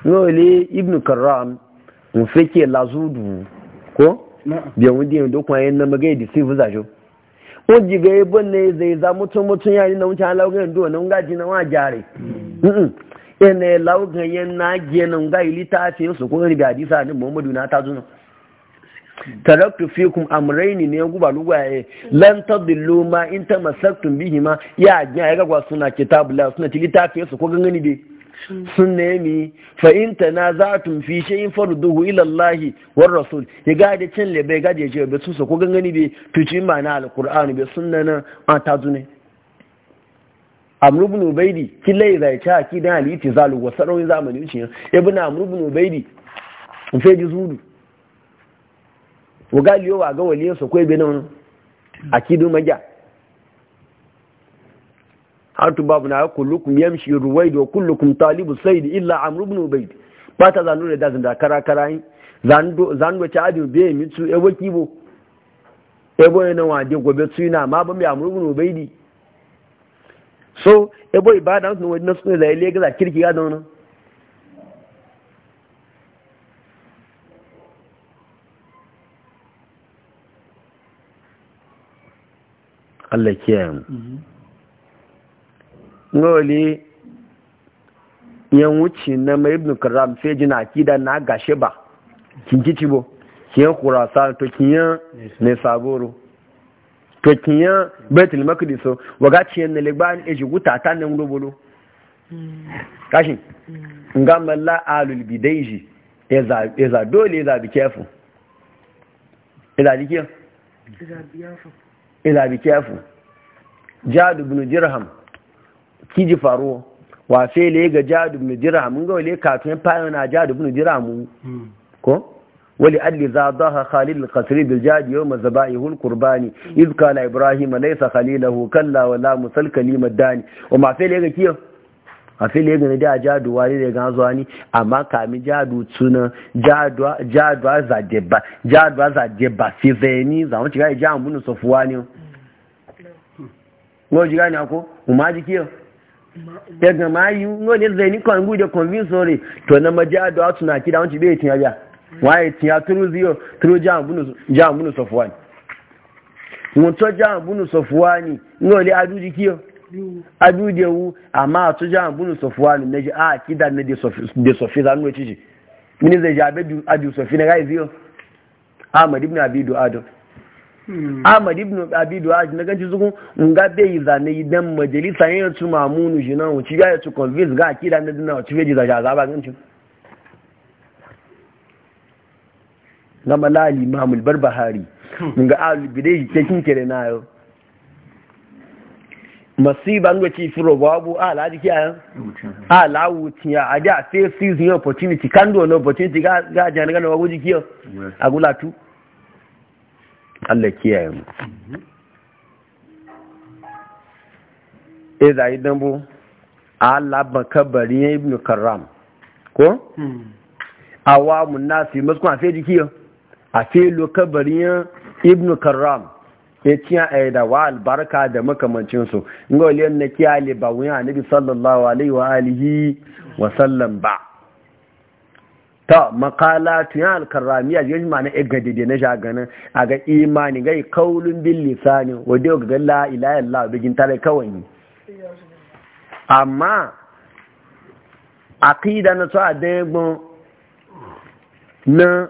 Nole Ibn Karam, mu lazudu ko biyan wanda yin duk wani na magai da sai fuza jo o ji ga ibon ne zai za mutum mutum yayin na wuce halawa ganin duwa nan gaji na wa jare ina lauga yan na genan ga ilita fi su ko ni da hadisa ne muhammadu na ta zuna taraktu fikum amrayni ne guba lugwaye lan tadillu ma in tamassaktum bihima ya ga ga suna kitabullah suna tilita fi su ko gangani be Hmm. sun nemi fa in tanaza'tum fi shay'in farduhu ila Allah war rasul ya ga cin le bai ga da je ba su ko gangani be tuci mana alqur'ani bai sunna na an ta zune amru ibn ubaydi killai zai ta dan al-itizal wa sarawin zamani uci ibn amru ibn ubaydi fe ji zulu wa ga liyo wa ga waliyansa ko wani nan akidu maja antu babu na kullukum yamshi ruwaid wa kullukum talibu sayd illa amr ibn ubayd bata zanu da dazin da kara kara yin zando zando ta adu be mi su e bo e boye na wade gobe su na ma ba mi amr ibn ubayd so e boye ba da sun wani nasu da ile ga kirki ga da wannan Allah kiyaye mu mhm. ngoli yan wuce na mai ibn karam sai jina akida na gashe ba kinki cibo kiyan kurasa to kiyan ne saboro to kiyan betul makdiso waga ciyan ne legban eji guta ta nan robolo kashi ngamma la alul bidaiji eza eza dole eza bi kefu eza bi kefu eza bi kefu jadu bin dirham kiji faruwa wa le ga jadu bin dirham ga wale tun fa na jadu bin dirham hmm. ko wali alli za dha khalil al-qasri bil jad yawm zabaihu al-qurbani hmm. iz qala ibrahim laysa khalilahu kalla wala musal kalimad dani wa ma le ga kiyo a ga ne da jadu wani da ga zuwa ni amma mi jadu tuna jadu jadu za ba jadu za deba fi zeni za wani cikin jihar bunu sofuwa ne ji ga ni ako ji kiyo ya gama yi wani zai ni kan gude convince ne to na maji adawa na kida wanci bai tiya biya waye tiya turu ziyo turu jihar bunu sofuwani mutu jihar bunu sofuwani ni wani aduji kiyo aduji wu amma a tu jihar bunu sofuwani na ji a kida na de sofi za nuna e ciji mini zai ji abe adu sofi na gai e ziyo ahmad ibn abi du'adu Hmm. Ahmad ibn Abi Duhaj na ganci zugun nga bai zane idan majalisa yin su mamunu shi nan wuci ya su convince ga akida na dina wuci bai zaje azaba ganci na malali mamul imam al-Barbahari hmm. nga al-Bidai cikin kire na yau masiba ngo ci furo babu ala jiki a ala wuti ya aja face season opportunity kando no opportunity ga ga jana ga no wagu jiki yo agula tu Allah kiyaye mu Eza zai dambu Allah bakabari ibn Karam ko awamun nasi masu kuma fe jiki a fe lokabarin ibn Karam ya ciya a da wa albarka da makamancinsu. Nga wale na kiyaye ba wuyan Annabi sallallahu alaihi wa alihi wa sallam ba. ta makala tuya alkarramiya yaji ma na da na ganin a ga imani gai kaulun bin lisanin wadda ga la ilaha illallah bigin tare kawai amma aqida na tsawa da gbon na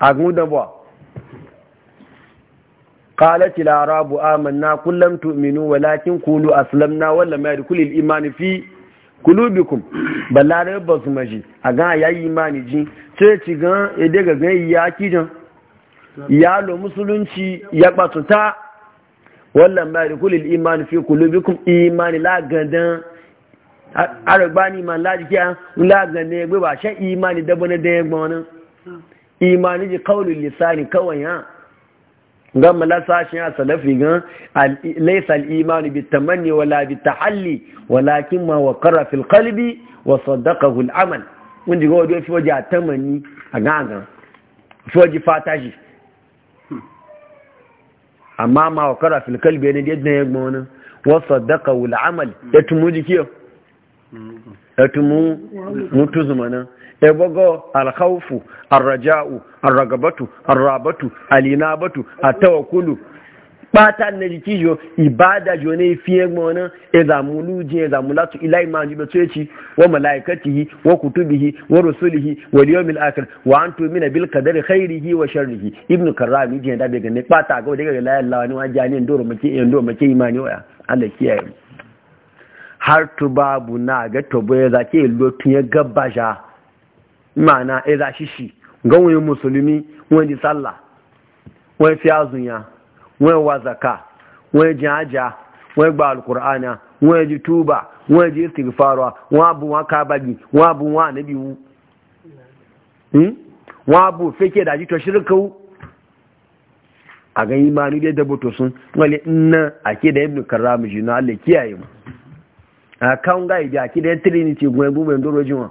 agun da ba قالت العرب آمنا كل لم تؤمنوا ولكن قولوا أسلمنا ولما يدخل الإيمان في kulubikum balare ba su maji a gan ya yi imani ji sai ci gan ede ga gan ya kijan lo musulunci ya batuta wallan ba da kulil imani fi kulubikum imani lagandan aragbani ma lajiki an lagandan ya gbe ba shan imani dabo na dan ya gbọnan imani ji kawulin lisani kawai ya gan mala sashin a salafi gan laisal imani bi tamanni wala bi tahalli walakin ma wa qara fil qalbi wa saddaqahu amal mun ji godo fi waje tamanni a gan gan fi waje fata shi amma ma wa qara fil qalbi ne da yadda gona wa saddaqahu amal ya tumu jikiyo ya tumu mutu ebogo Alhaufu, arraja'u arragabatu arrabatu alinabatu atawakulu pata na jiki yo ibada yo ne fiye gbona ezamulu je ezamulatu ilai ma jibe wa malaikatihi wa kutubihi wa rusulihi wa yawmil akhir wa antu min bil qadari khairihi wa sharrihi ibn karrami je da daga ne pata ga daga la Allah ni wa jani ndoro make ndoro make imani waya Allah kiyaye har tu babu na ga tobe zake lotun ya ma'ana ya e shishi shi shi ga wani musulmi wani ji sallah wani fi azunya wani wazaka wani ji aja wani gba alkur'ana wani ji tuba wani ji istighfarwa wani abu wa kabagi wani abu wa nabi wu hmm? wani abu fake da ji to shirka wu a ga imanu da da boto sun wani nna ake da ibn karramu shi na Allah kiyaye mu a kan ga ibi ake da trinity gwen gumen doro jiwa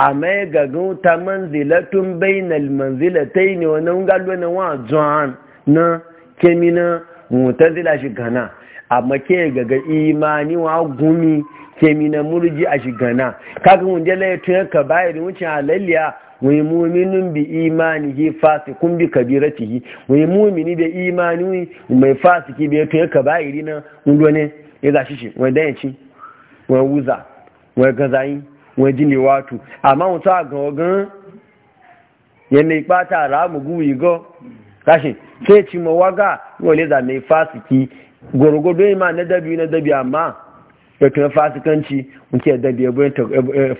a mai gagun ta manzila ta yi ne wani galo na wa zuwan na kemina mutazila shi gana amma ke gaga imani wa gumi kemina murji a shi gana kaga wunje laifin ya ka bayar wuce halalliya wai muminin bi fasi kun bi kabiratihi wai mumini da imani mai ki bai to ya ka bayar na ngone ya gashi shi wai dan ci wai wuza wai gazayi wọ́n jí ni wàtú àmọ́ àwọn tó àgàn gan yẹn ní ipá tá àrà àmùgú yìí gọ́ káṣí tó mọ̀ wágà wọ́n lè dàmé fásitì gòrògòdó yìí máa nẹ́dẹ́bí nẹ́dẹ́bí àmà ẹ̀kan fasikanci nke ẹ̀dẹ́bí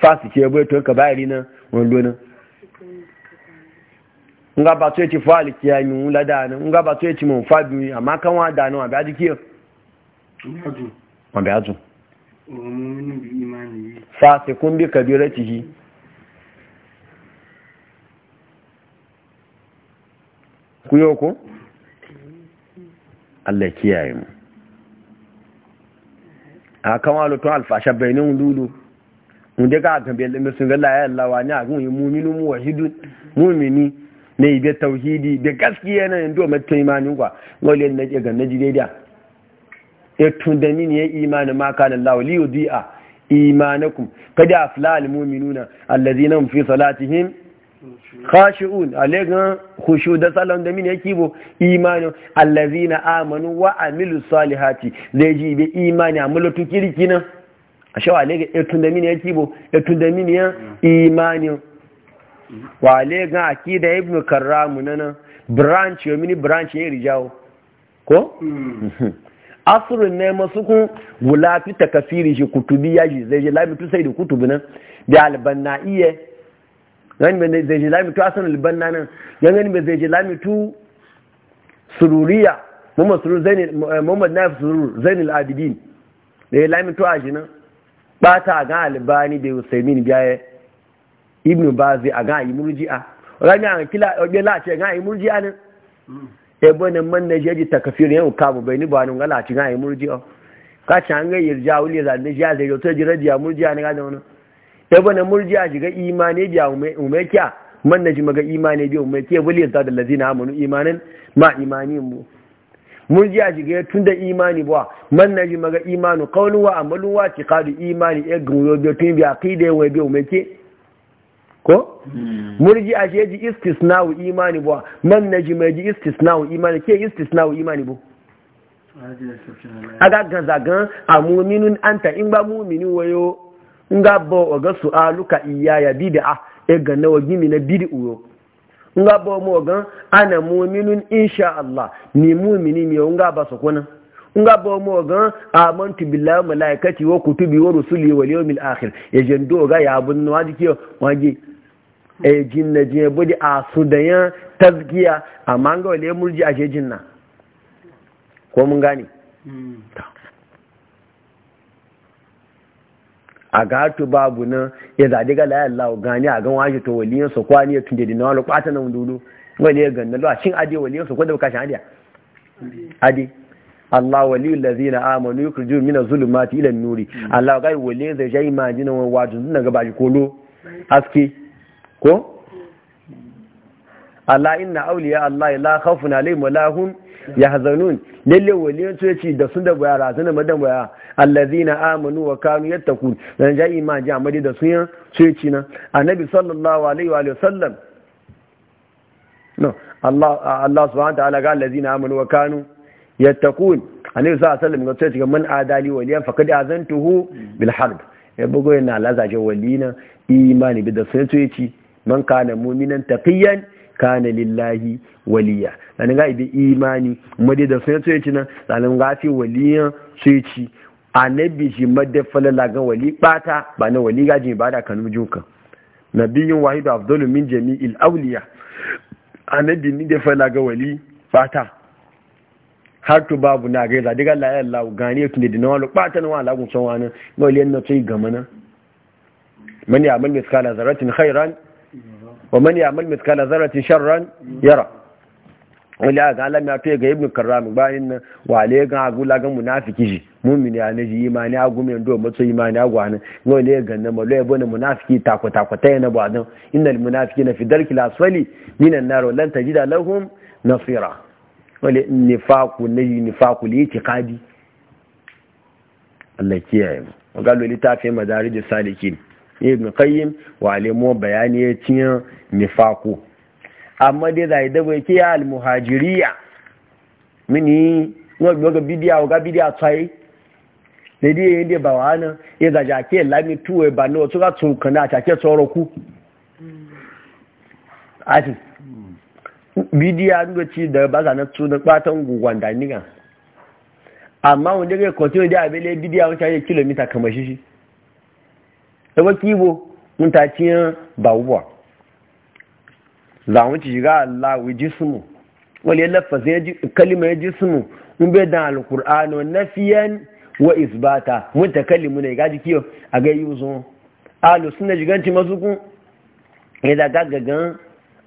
fásitì ẹgbẹ́ tó kàbá ìrí náà wọ́n lónà nga ba tó ètí fọ́ àlìkíyà mi ń ládàá ní nga ba tó ètí mọ̀ fábìrì àmà káwọn àdánù àbí adìkíyà fasikun bi kabiratihi ku yau ku? Allah kiyaye mu a kama lutun alfashe bayanin lulu wunde ka gambe lamar sun gala ya lawa Ni a gumi muminu mu wahidu mumini ne bi tauhidi da gaskiya na yin domin taimanin kwa wale na ke ganna jidediya ya da min ya imani ma kana Allah li yudi'a imanakum kada afla al mu'minuna allazina hum fi salatihim khashi'un alega khushu da salon da min ya kibo imani allazina amanu wa amilu salihati zai ji be imani amulatu kirkina ashe wa alega ya da min ya kibo ya da min ya imani wa alega akida ibn karramu nana branch yo mini branch ya rijawo ko hmm. [laughs] asirin ne masu kun fi ta kafiri shi kutubi ya shi zai je tu sai da kutubi nan da albanna iya gani zai je tu asirin albanna nan gani zai je tu sururiya muhammad naif surur zainul abidin da ya tu a shi nan bata a gan albani da usaimin biyaye ibnu bazi a gan a yi murji'a rami a kila a ga a yi murji'a nan hmm. ebonin ne man na jeji takafir yau kamu bai ni ba nun gala cin ayi o ka ci an gayyar jawuli da ne jiya da yoto jira jiya murji an ga da wannan ebe ne a shiga imani biya umekiya man na ji maga imani biya umekiya wuli ta da lazina amanu imanin ma imani mu Murji a shiga tun da imani ba man na ji maga imanu qawlu wa amalu wa tiqadu imani e guyo biya tun biya qida wa biya umekiya ko hmm. murji a ji istisnawu imani ba man na ji mai ji istisnawu imani ke istisnawu imani ba aga gazagan a muminun anta in ba mumini wayo in ga ba oga su'aluka iyaya a e ga nawa gimi na bid'u in ga ba mu oga ana muminun insha Allah ni mumini ne in ga ba su kuna in ga ba mu oga amantu billahi malaikati wa kutubi wa rusuli wal yawmil akhir e ya jendo ga ya bunwa dike waje e jinna jiye budi a su da yan tazkiya amma ga wale murji a jinna ko mun gane hmm. a gatu babu nan ya zaɗi ga layar lawo gani a gan washe to waliyan su ne ya tunde dinawa lo kwata nan dudu wani ya ganna lo a shin ade waliyan su ko da bukashin adiya? Hmm. ade Allah waliyu lazina amanu yukhrijun min mina zulumati ila an-nuri hmm. Allah ga waliyan zai shayi majina wajen wajin gaba ga baji kolo aski ko Allah inna auliya Allah la khawfun alaihim wa hum yahzanun lalle waliyan su yace da sun da baya razan da madan baya allazina amanu wa kanu yattaqun dan ja iman ja amadi da sun su yace na annabi sallallahu alaihi wa sallam no Allah Allah subhanahu wa ta'ala ga allazina amanu wa kanu yattaqun annabi sallallahu alaihi wa sallam ga man adali waliyan faqad azantuhu bil harb ya bugo yana lazaje walina imani bi da sun su yace man kana mu'minan taqiyan kana lillahi waliya dan ga ibi imani made da to yace nan zalim ga fi waliyan sai ci annabi shi madda falala ga wali bata ba na wali gaji ba da kanu junka nabiyin wahidu afdalu min jami'il awliya annabi ni da falala ga wali bata har to babu na ga da daga la Allah gani tun da nawa bata nawa lagun san wani waliyan yan na sai gamana mani amal miskala zaratin khairan wa يعمل مثقال mithqala شرا sharran yara wala ga alam ya to ga ibnu karram bayin nan wale ga agula ga munafiki ji mu'mini ya ne ji imani agu men do mutso imani agu an no le ga nan mo le bona munafiki ta ko ta na ta ne ba dan na munafiqina fi dalkil asfali minan nar lan tajida lahum nasira wale nifaku ne nifaku li itiqadi Allah kiyaye mu ga lo litafi salikin ibn qayyim wa alimu bayani ya cinye nifaku amma dai zai da bai ke al muhajiriya mini no bi ga bidiya ga bidiya tsai da dai yende ba a ya ga jake lami tuwe ba no to ga tun kana ta tsoro ku ati bidiya ndo ci da ba ga na tu da patan gugwan da amma wanda da kilomita kamar sabo kibo mun ta ciye ba uwa za mu ci shiga Allah wa jismu wal lafazin kalima ya jismu mun bai da na nafiyan wa isbata mun ta kalimu ne gaji kiyo a ga yuzo alu sunna jiganci mazuku ya da gagagan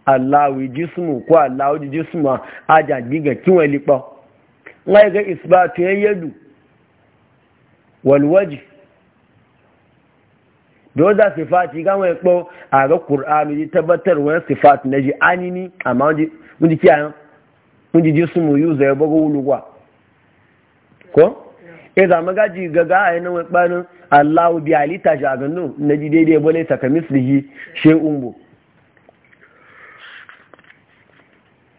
Allah wa jismu ko Allah wa jismu aja giga kiwali pa ngai ga isbatu yadu wal da sifati ga wani kpo a ga ƙur'anu ji tabbatar wani sifati na ji anini amma wani ji kiyayen ji ji su mu yi zai bago wulugwa ko e zama gaji gaga a yana wani kpanin allahu bi halitta shi a gandun na ji daidai bane takamis da shi she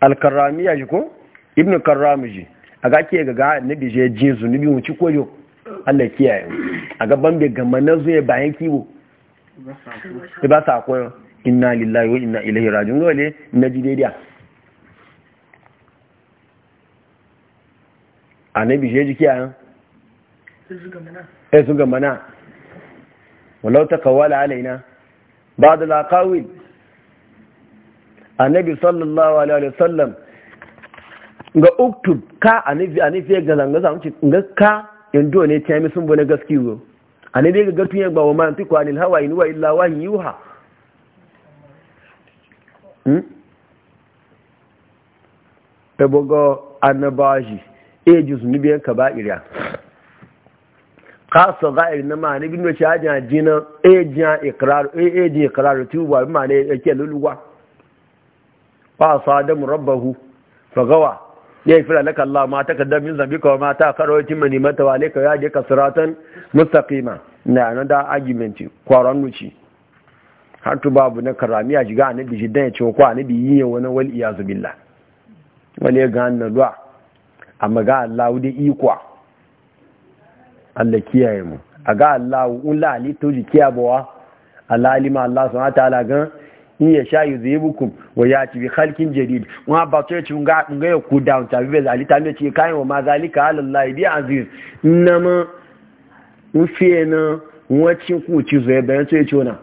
alkarami ya ji ko ibn Karami ji a ga ke gaga na bi je jinsu ni bi wuci koyo allah kiyaye a gaban bai gama na zuwa bayan kiwo ba sa koyo inna lillahi wa inna ilaihi rajiun gole na ji dai daidai annabi shi jiki a sai su gamana walau ta kawala alaina ba da A annabi sallallahu alaihi wa sallam. ga uktub ka annabi annabi ya ga zanga-zanga ka indo ne ta yi sun bu na annabi ga gatu yagba wa ma antiku anil hawa in huwa illa wahyi yuha hmm ebogo annabaji ejus ni biyan kaba'ira kasa za'ir na ma ni bin ci hajji hajji na ejiya ikirar ejiya e ikirar tuba ma ne yake lulluwa ba sa da murabbahu fagawa ya fi lalaka Allah ma ta kaddam min zambi kawai ma ta karo yakin mani mata wale ka yaje ka siratan mustaqima na yana da argument kwaron nuci har tu babu na a shiga bishi jiddan ya ce kwa na yi yin wani wal iya billah wani ya gani na luwa amma ga Allah da ikwa Allah kiyaye mu a ga Allah ulla alitoji kiyabawa Allah alima Allah subhanahu wa ta'ala gan in ya sha yi zai bukum wa ya ci bi halkin jadid wa ba to ya ci nga nga ya ku down ta bibe zalita ne ce kayan wa ma zalika alallahi bi aziz nama ufiye na wacce ku ci zai ban to ya ci ona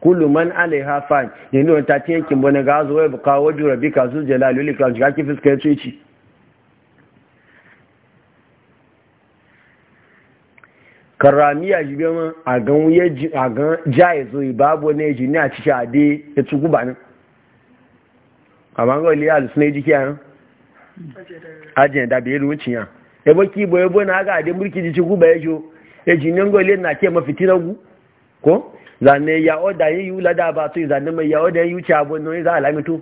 kullu man alaiha fan yanzu ta bane ga zo ya buka wajura ka zul jalali lika ga ki fiskar ci karamiya jibe ma a gan wuye a gan jaye zo babu wani ji ni a cikin ade ya tuku ba nan a ban ga liya alusuna ya jiki yan ajiyar da bai ruwan ciya ya ba ki boye boye na aga ade mulki ji tuku ba ya jo ya ji nan gole na ke mafi tinagu ko zane ya oda yi yi lada da ba to zane mai ya oda yi wuce abu nan za a lamito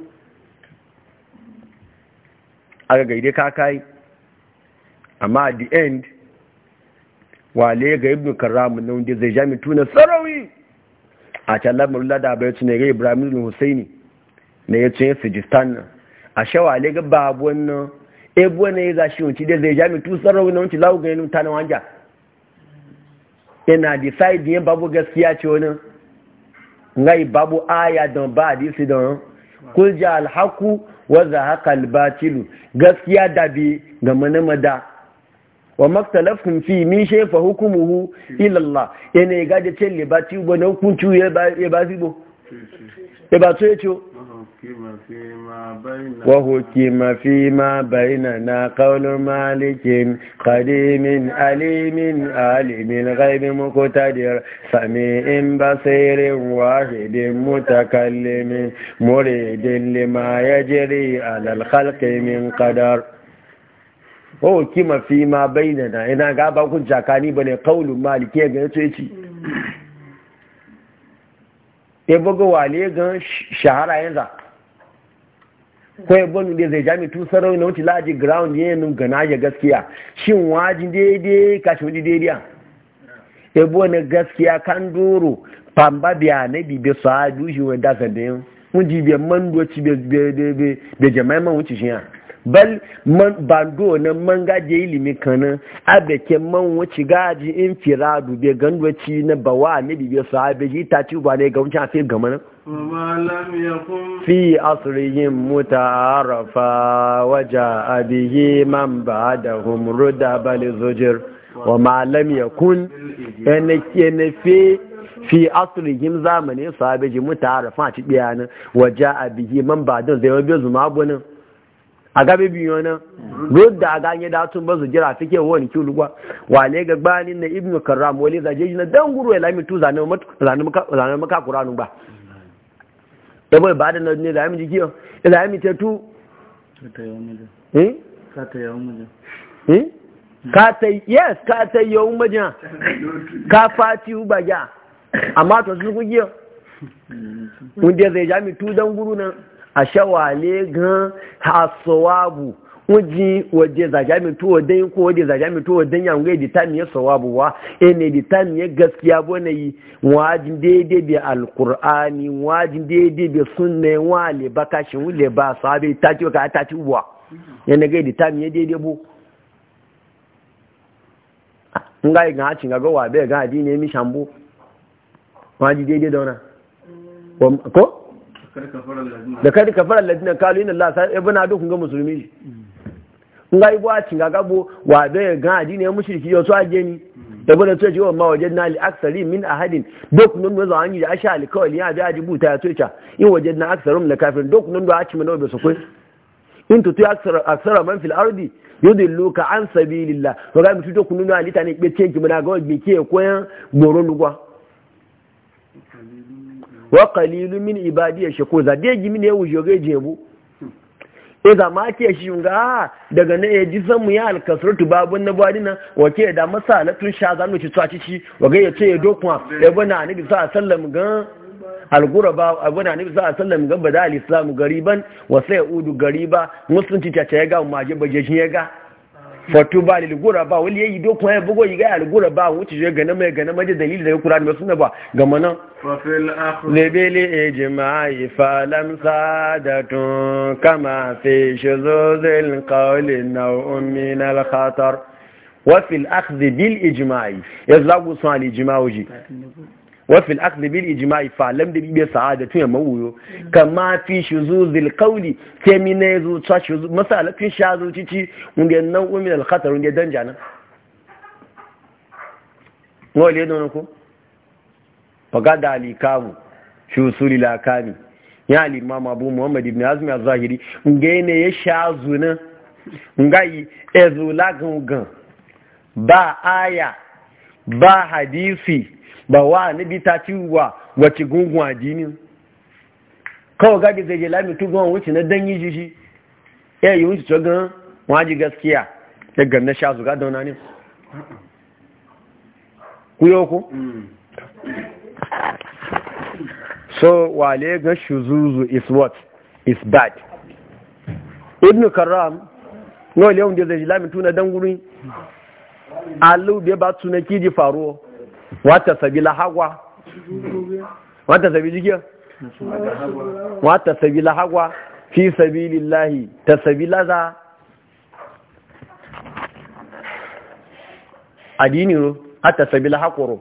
aga gaide kakai amma at the end wale ga ibn karam na wanda zai jami tuna sarawi a can lamarin lada bai tuna ga ibrahim bin husaini na ya tuna sijistan a sha wale ga babu wannan ebu wani ya zashi wanci da zai jami tu sarawi na wanci lagu ganin mutanen wanja yana decide yin babu gaskiya ce wani ngai babu aya don ba hadisi don kulja alhaku wa zahaka albatilu gaskiya bi ga da. wa maktalafin fi min shefa hukumuhu ilallah yana ga da cin libati ba na hukunci ya ba ya ba zibo ya e ba ce wa hukima fi ma na qawlu malikin kadimin alimin alimin ghaibi muqtadir sami'in basirin wahidin mutakallimin muridin lima ya jiri alalhalkimin kadar wawo kima fi ma bayyana ina ga ba kun jakani bane kaulun maliki ga yato yace ya buga wale gan shahara yanzu ko ya bonu da zai jami tu sarau na wuce laji ground ya nun gana ya gaskiya shin wajin daidai kashe wani daidai ya bu wani gaskiya kan doro pamba biya na bibe su ha dushi wani dasa da yin mun ji biya man doci bai jama'i man wuce shi ya bal man bando na man gaje ilimi kana abeke man wuce gaji infiradu be gandwaci na bawa ne bi be sahabe ji ta ci ba ne ga wuce fi gama nan fi muta arafa waja abihi man ba ba'dahum ruda bal zojir wa malam ya kun ene fi fi fi yin zamani sahabe ji a ci nan waja abihi man ba da zai wabi zuma abunan a gabi biyu nan duk da aga ya da tun bazu jira fike wani ki lugwa wale ga gbani na ibn karram wale zaje na dan guru ya e lami tu zanen maka zanen maka qur'anu e ba da bai bada na ne lami jikiyo lami e ta tu ka ta yau eh hm? ka ta yau mu hm? eh ka ta yes ka ta yau mu ka fati ubaja amma to su kugiyo mun [laughs] dai zai jami tu dan guru nan a shawale gan hasowabu wuji waje zajami to wadan ko waje zajami to wadan ya ngai di tamiye sawabu wa ene ne di tamiye gaskiya bone yi wajin daidai bi alqur'ani wajin daidai bi sunne wale baka shi wule ba sabe ta ci ka ta ci wa ene ne ga di tamiye daidai bo ngai ga ci ga wa be ga di ne mi shambu waji daidai da ko da kadi kafara ladina kalu inna Allah sai ibn eh, adu ga musulmi nga ibo a ga gabo wa be ga adini ya mushriki yo so aje ni da bada to ji wa ma wajadna li aksari min ahadin dok nun mu zan yi asha al kawli ya da ajibu ta to cha in wajadna aksarum la kafir dok nun do aci ci mana be su kai in tutu aksara aksara man fil ardi yudilluka an sabilillah wa ga mutu dok nun ali ta ne be tenki mana ga be ke koyan gboro lugwa wa qalilu min ya shakur za dai gimi ne wujo ga jebu e za ma ke shi ga daga na ya e ji san mu ya alkasratu babun na bani nan ke da masalatun sha zanu ci tsaci ci ga ya ce ya dokwa ya bana annabi sallallahu alaihi wasallam ga alguraba abu na nufi sa'a sallam ga badal islam gariban wasu ya udu gariba musulunci ta ya ga majibaje shi ya ga fatu ba lil ba wali yayi do kuma bugo ga al guraba wuce je ga nama ga nama da dalili da Qur'ani ba sunna ba ga manan fa fil akhir lebele ijma'i fa lam sadatu kama fi shuzuzil qawli naw'un min al khatar wa fil akhd bil ijma'i yazlagu sun al ijma'u ji وفي الأخذ بالإجماع فعلم دي بي سعادة يمويو كما في شذوذ القول كمين يزو تشذوذ مثلا في شاذو تشي وندي النوع من الخطر وندي دنجانا ngole don ko fagada alikamu shi usuli lakami ya al-imam abu muhammad ibn azmi az-zahiri ngene ya shazuna ngai ezulagun gan ba aya ba hadisi ba wa nabi ta ci wa wace gungun addini kawai gaji zai je lami tu gwan wuce na danyi jiji ya yi wuce tsogon waji gaskiya ya ganna sha zuga da wani ku yau ku so wale ga shuzuzu is what is bad ibn karam no le on de zai lami tu na dan gurin alu be ba tunaki ji faruwa wata sabila hagwa wata sabili giya wata sabila hagwa fi sabilillahi ta sabila za adini ro hata sabila hakoro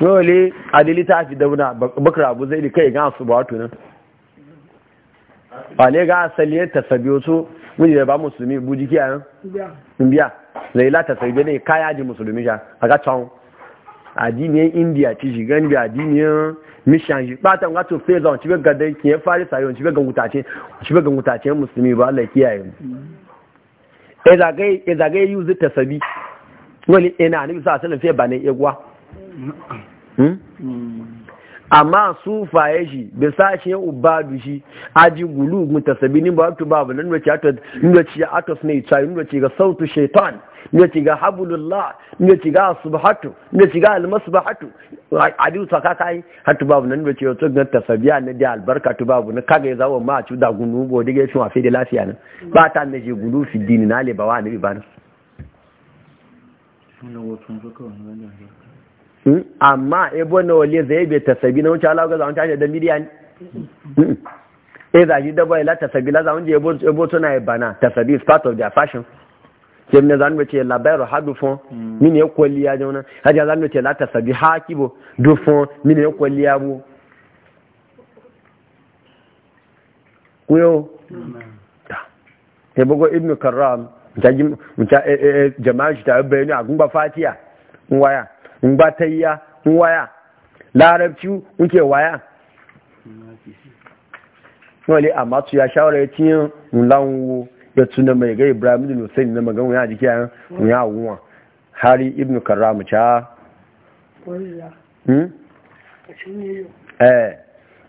dole adili ta fi dauna bakar abu zai kai ga su ba wato nan ba ne ga asali ta sabiyo su mun da ba musulmi a kiyayen biya laila ta sai bane kaya ji musulmi sha a ga can addiniyar india ci shi gani bi addiniyar mishan shi ba ta ga to fe zan ci gada ki ya fari sayo ci ga gutace ga gutace musulmi ba Allah kiyaye e zagaye yi zagai yuzu e tasabi wani ina ne bisa sallan fiye ba ne egwa hmm, hmm. amma su faye shi da sashe ubadu shi aji gulu mutasabi ni ba tu babu nan wace atos wace atos ne tsayi wace ga sautu shaitan wace ga habulullah wace ga subhatu wace ga almasbahatu adi ta ka kai hatu babu nan wace wato ga tasabiya na da albarka tu babu ne kaga ya zawo ma ci da gunu go diga shi wafe da lafiya nan ba ta ne je gulu fi dini na le ba wa ne ba na. Wannan ne Hmm? amma ebo na wale zai bai tasabi na wuce alaƙa zaun tashi da miliyan hmm? e za da bai la tasabi la zaun je ebo tuna ya bana tasabi is part of their fashion kem ne zan ce la bayro hadu fon hmm. mini ya kwaliya jona haja zan ce la tasabi kibo du fon mini ya kwaliya bu kuyo ta te bogo ibnu karram e, e, e, jama'a ta bayani a gumba fatiya waya in batayya in waya larabci nke waya wale amma ya shawara ya cinye mulanwo ya tuna mai ga ibrahim da lusain na magan ya jiki ya wuwa hari ibn hmm?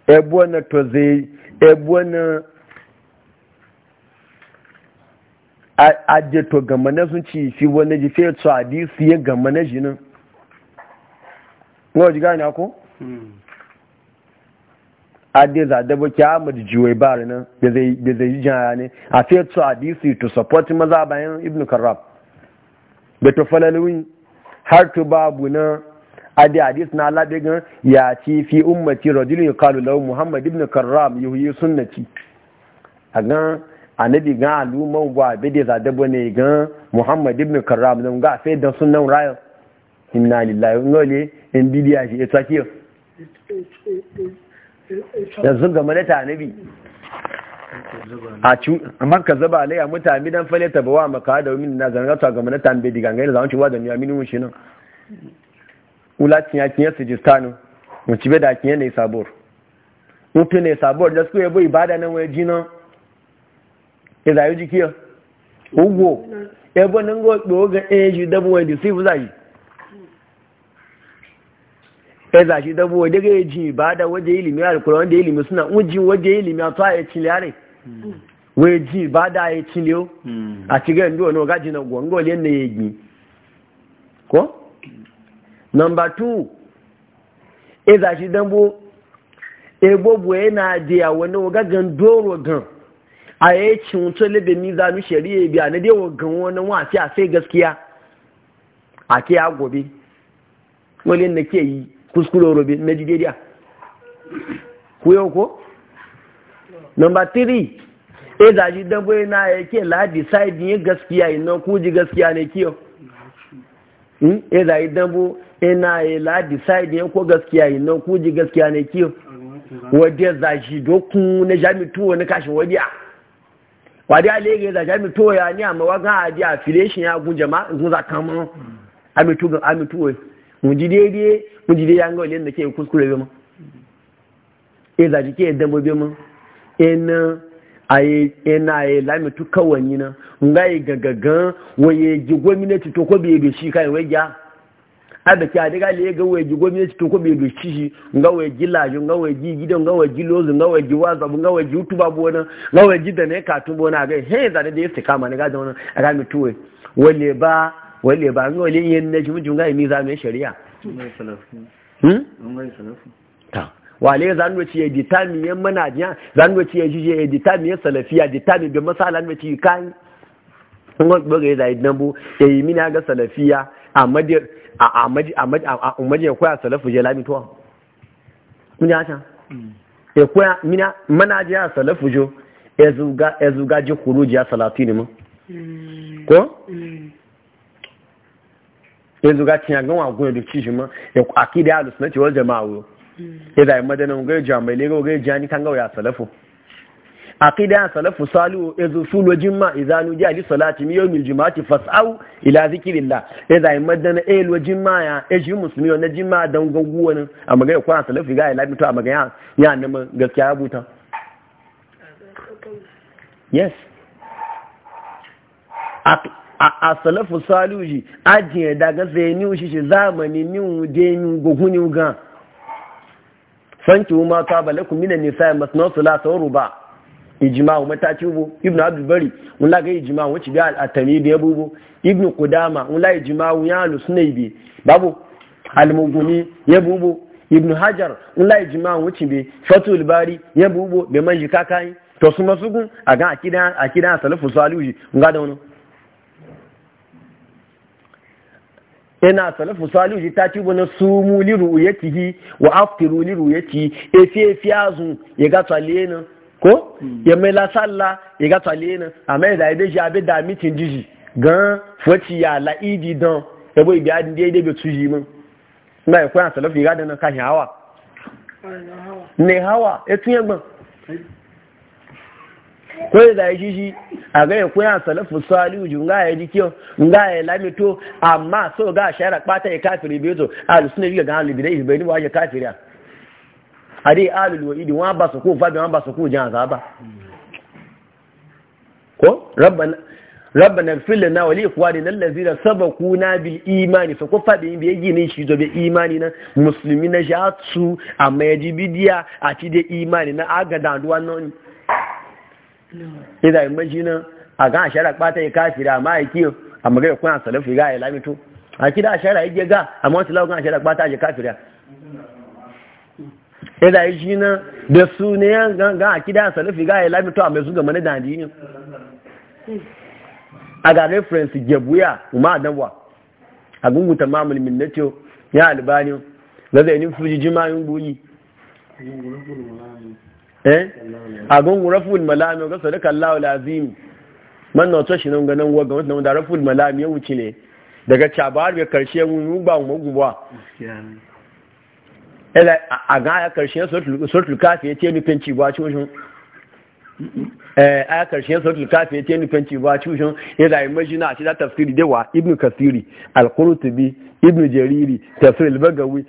ebuwa eh. e na toze ebuwa na gama na sun ci fi wani jife su gama na jinin wọ́n jí gáyìn akó hmm. adeza dabo kyamu da jiwai bari nan da zai yi jaya ne a fetu hadisi to support maza bayan ibn karab da to falalwi babu na adi hadis na alaɗe gan ya fi ummati rajulun ya kalu muhammad ibn karab yuhuyi sunnati a gan anabi gan aluman wa bide za dabo ne gan muhammad ibn karab nan ga fe dán sunan rayar inna lillahi wa ngole in bidiya shi ya tsakiyo yanzu ga malata nabi a cu amma ka zaba alai a mutane dan fale ta bawa maka da min na zanga ta ga malata an be diga ngai zaman ci wa ya mi shi nan ula ulatin ya su jistanu mu ci be da kiyan ne sabor mutu ne sabor da su yabo ibada nan waye jinan ya e zayu jikiya ugo ebo nan go do ga eji dabu wai disifu zai ya zashi dabo wadda ga yaji ba da waje ilimi alkura wanda ilimi suna uji waje ilimi a ta hmm. ya cile hmm. yare waje ji ba da ya o a cigar ndi wani gaji na gwangwal yadda ya yi ko number 2 ya zashi dabo egbogbo yana da ya wani wagagan doro gan a ya yi cinto libe mizanu shari'a biya na dewa gan wani wafi a sai gaskiya a ke ya wani na ke yi kuskure robe na jidediya ku yau ko number 3 eh zaji dabo e na yake e la decide yin gaskiya ina e, ku ji gaskiya ne kiyo hmm ji zaji dabo ina yi la decide yin ko gaskiya ina ku ji gaskiya ne kiyo wadda zaji dokun na jami tuwo na kashin wadiya wadda alege zaji jami tuwo ya ni amma wagan hadi affiliation ya gun jama'a gun zakan mu amitu amitu mu ji daidai mu ji daidai an ga wale da ke kuskure bi mu e za ji ke dambo bai mu e na aye ina ye lami kawanyi na nga yi gagagan waye ji gwamnati to ko bai da shi kai wai ya abe ki adiga le ga waye ji gwamnati to ko bai da shi nga waye ji lajo nga waye ji gidan nga waye ji lozu nga waye ji waza nga waye ji utuba bona nga waye ji da ne ka tu bona ga he za da ya sika ma ne ga da wannan aga mi tuwe wale ba wale ba an wale yin na jimin jimga yi miza mai shari'a hmm? wale ci ya ditami yan manajiya zanwaci ya jije ya ditami yin salafiya ditami bin masala zanwaci kayi wani gbogbo ya zai dambu ya yi mini aga salafiya a majiyar kwaya salafu je lamitowa mun hmm. ya can ya kwaya mina manajiya salafu jo ya zuga ji jiya salatu ne ma hmm. ko yanzu zuga cin yagan wagon yadda ci shi ma ya kwaki mm. da halus na cewar jama'a wuro ya zai madanin gai jami'ai lagos gai jani kan gawa ya salafu a aqida ya salafu salu ya zo sulo jimma izanu ji ali salati miyo mil jima jimati fas'au ila zikirillah ya zai madana el eh, wa jimma ya e ji musulmi wa jima don gaggowa nan a magana kwa salafu ga ya labito a magana ya nan gaskiya ya yes a salafu saluji ajiye daga sai ni shi shi zamani ni wuje ni gugu ga sanki ma ka balakum minan nisa masna salata wa ruba Ijima wa mataci bu ibn abdul bari mun la ga ijma wuce bi al atami bi abubu ibn Kudama mun la ijma wa ya al sunay bi babu al muguni ya bubu ibn hajar mun la ijma wuce bi fatul bari ya bubu be man jika kai to su a aga akida akida salafu saluji mun ga da wannan yana salafu salihu ji ta ci wani sumu li ru'yatihi wa aftiru li ru'yati efe fiyazu e ya ga tsale ko hmm. ya mai la salla ya ga tsale nan amma ya zai shi abin da mitin jiji gan faci ya la'idi don e ya bai biya din daidai tu tuji min na ya koyan salafu ya ga da ka kashi hawa ne hawa e ya tun yagban ko da zai shi a gaya ko koya salafu salihu ju nga ya dikiyo nga ya lamito amma so ga shara kpata ya kafiri bai to a suna riga ga halu bidai bai ni wa ya kafiri a dai alulu wa idi wa ba su ko fa ba su ko jan azaba ko rabbana na wali kuwa ne li ikhwanina allazina na bil imani fa kufa bi bi ne shi zobe imani na musulmi na su amma yaji bidiya a ti dai imani na agada da na. ida maji nan a kan ashara kpata ya kafira ma ya kiyo amma ga kuna salafi ga ya lamito a kida ashara ya ga amma wasu lagun ashara kpata ya kafira ida shi nan da su ne ya ga a kida salafi ga ya lamito a su ga mana da addini a ga reference jabuya Umar adawa a gungun tamamul minnatiyo ya albani na nufin jijima yin goyi eh agon raful malami ga sadaka Allahu lazim man na to shi nan ganan waga wannan da raful malami ya wuce ne daga cabar ya karshe mun ba mu guba ela a ga ya karshe suratul suratul kafi ce ni fenci ba shi Eh, a karshen sautul kafi ya tenu kanci ba cushin ya rayu majina a cikin tafsiri dewa ibn kasiri al-qurtubi ibn jariri tafsir al-bagawi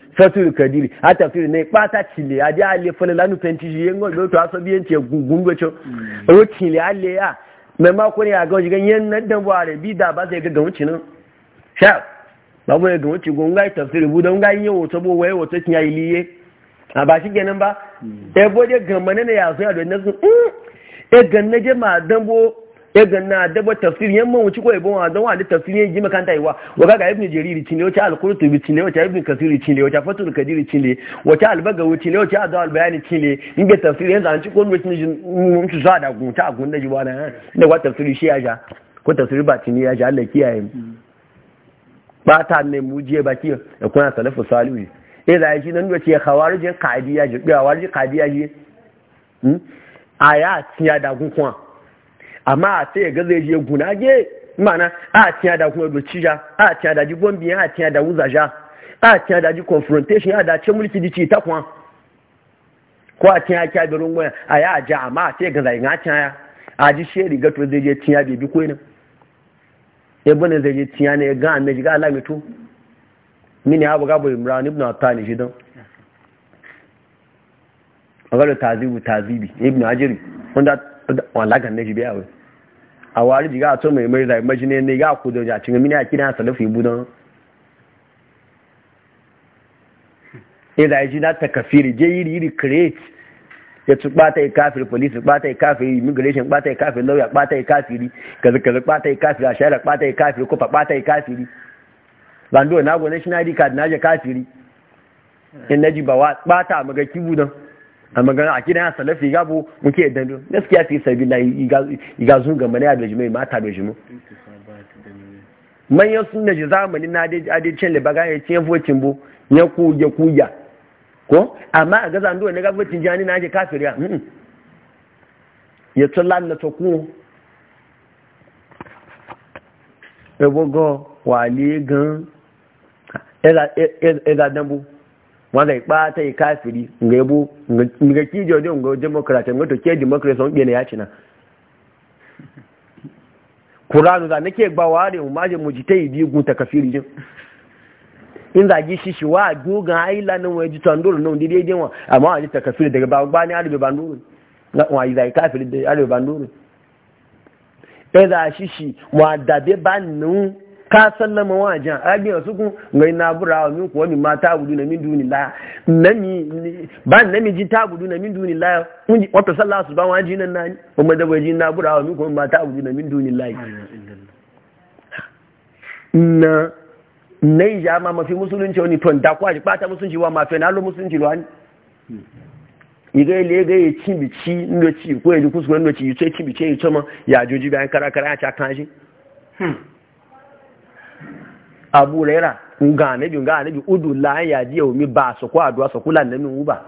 kadiri a tafsiri ne bata cile a ja ale fana lanu kanci shi yango do to aso biyan ce gungun gocho hmm. ro cile ale ya mai ma ko ne a ga jigan yan nan da wa rabi da ba zai ga gawuci nan sha ba mu ga wuci gunga tafsiri bu don ga yin wato bo waye wato kin yayi liye a ba shi kenan ba hmm. eh bode gamane ne ya so ya don egan na jema dambo egan na dabo tafsir yamma wuci ko ibon wa don wani tafsir jima kanta iwa waga ga ibnu jariri cin ne wata al-qurtubi cin ne wata ibnu kasir cin ne wata fatul kadir cin ne wata al-bagawi ne wata adu bayani cin ne inda tafsir yanzu an ci ko mun cin mun ci gun ta gun da da wata eh. tafsir shi ya ja ko tafsir ba cin ya ja Allah kiyaye ba ta ne mu je ba ki da kuna salafu salihu eh da shi nan da ce khawarijin ji ji a ya tiya da gunkwa amma a sai ga zai je ge mana a tiya da kuma ya a tiya da ji bombi a tiya da wuzaja a tiya da ji confrontation a da ce mulki dici ta kuwa ko a tiya kya da rungun a ya ja amma a sai ga zai ga tiya a ji sheri riga to zai je tiya bi bi ko na ya bane zai je tiya ne ga annabi ga Allah mini abu ga bu imran ibn atani shidan maganar tazibu tazibi ibn ajiri wanda walagan na jibi awai a wari jiga a tsohon mai mai zai majine ne ga ku da jacin mini a kina salafi budan ya da ji na ta kafiri je yiri yiri create ya ci bata yi kafiri police bata yi kafiri immigration bata yi kafiri lawyer bata yi kafiri kaza kaza bata yi kafiri a shayar bata yi kafiri kofa bata yi kafiri bando na go national id card na je kafiri in naji ba bata maga kibu don a magana a kidan salafi gabu muke dandu gaskiya fi sabi la yi, gazu ga mani da dojimai mata da manyan sun da ji zamanin na adicin da baga ya ce vocin bu ya kuya kuya ko amma a gaza ndo ne ga vocin jani na ake kafiriya ya tsalla lalata ku ebogo wale gan ezadambu wanda ba ta yi kafiri ga yabo ga kijo da ga democrat ga to ke democrat sun bene ya ci na Qur'anu da nake ba ware mu maje mu jita yi biyu ta kafiri jin in za gi shishi wa gogan aila nan waje ta andoro nan dai dai wa amma waje ta kafiri daga ba ba ni arabe banduru na wa yi zai kafiri da arabe banduru eh za shishi wa dabe banu ka sallama wa jan abi sukun kun na burawa min ko mi mata gudu na min dunillah nami ba ji ta gudu na min dunillah mun sallah su ba wa ji nan nani kuma da ji na burawa min ko mata gudu na min dunillah na nai yi ma mafi musulunci wani ton da kwaji bata musulunci wa mafi na lo musulunci lo ani iga ile ga ya ci bici ko ya ji kuskure yi ce ci bici ya ma ya kara kara abu raira ga anabi ga anabi udu la ya ji mi ba su ko addu'a su kula nan mu ba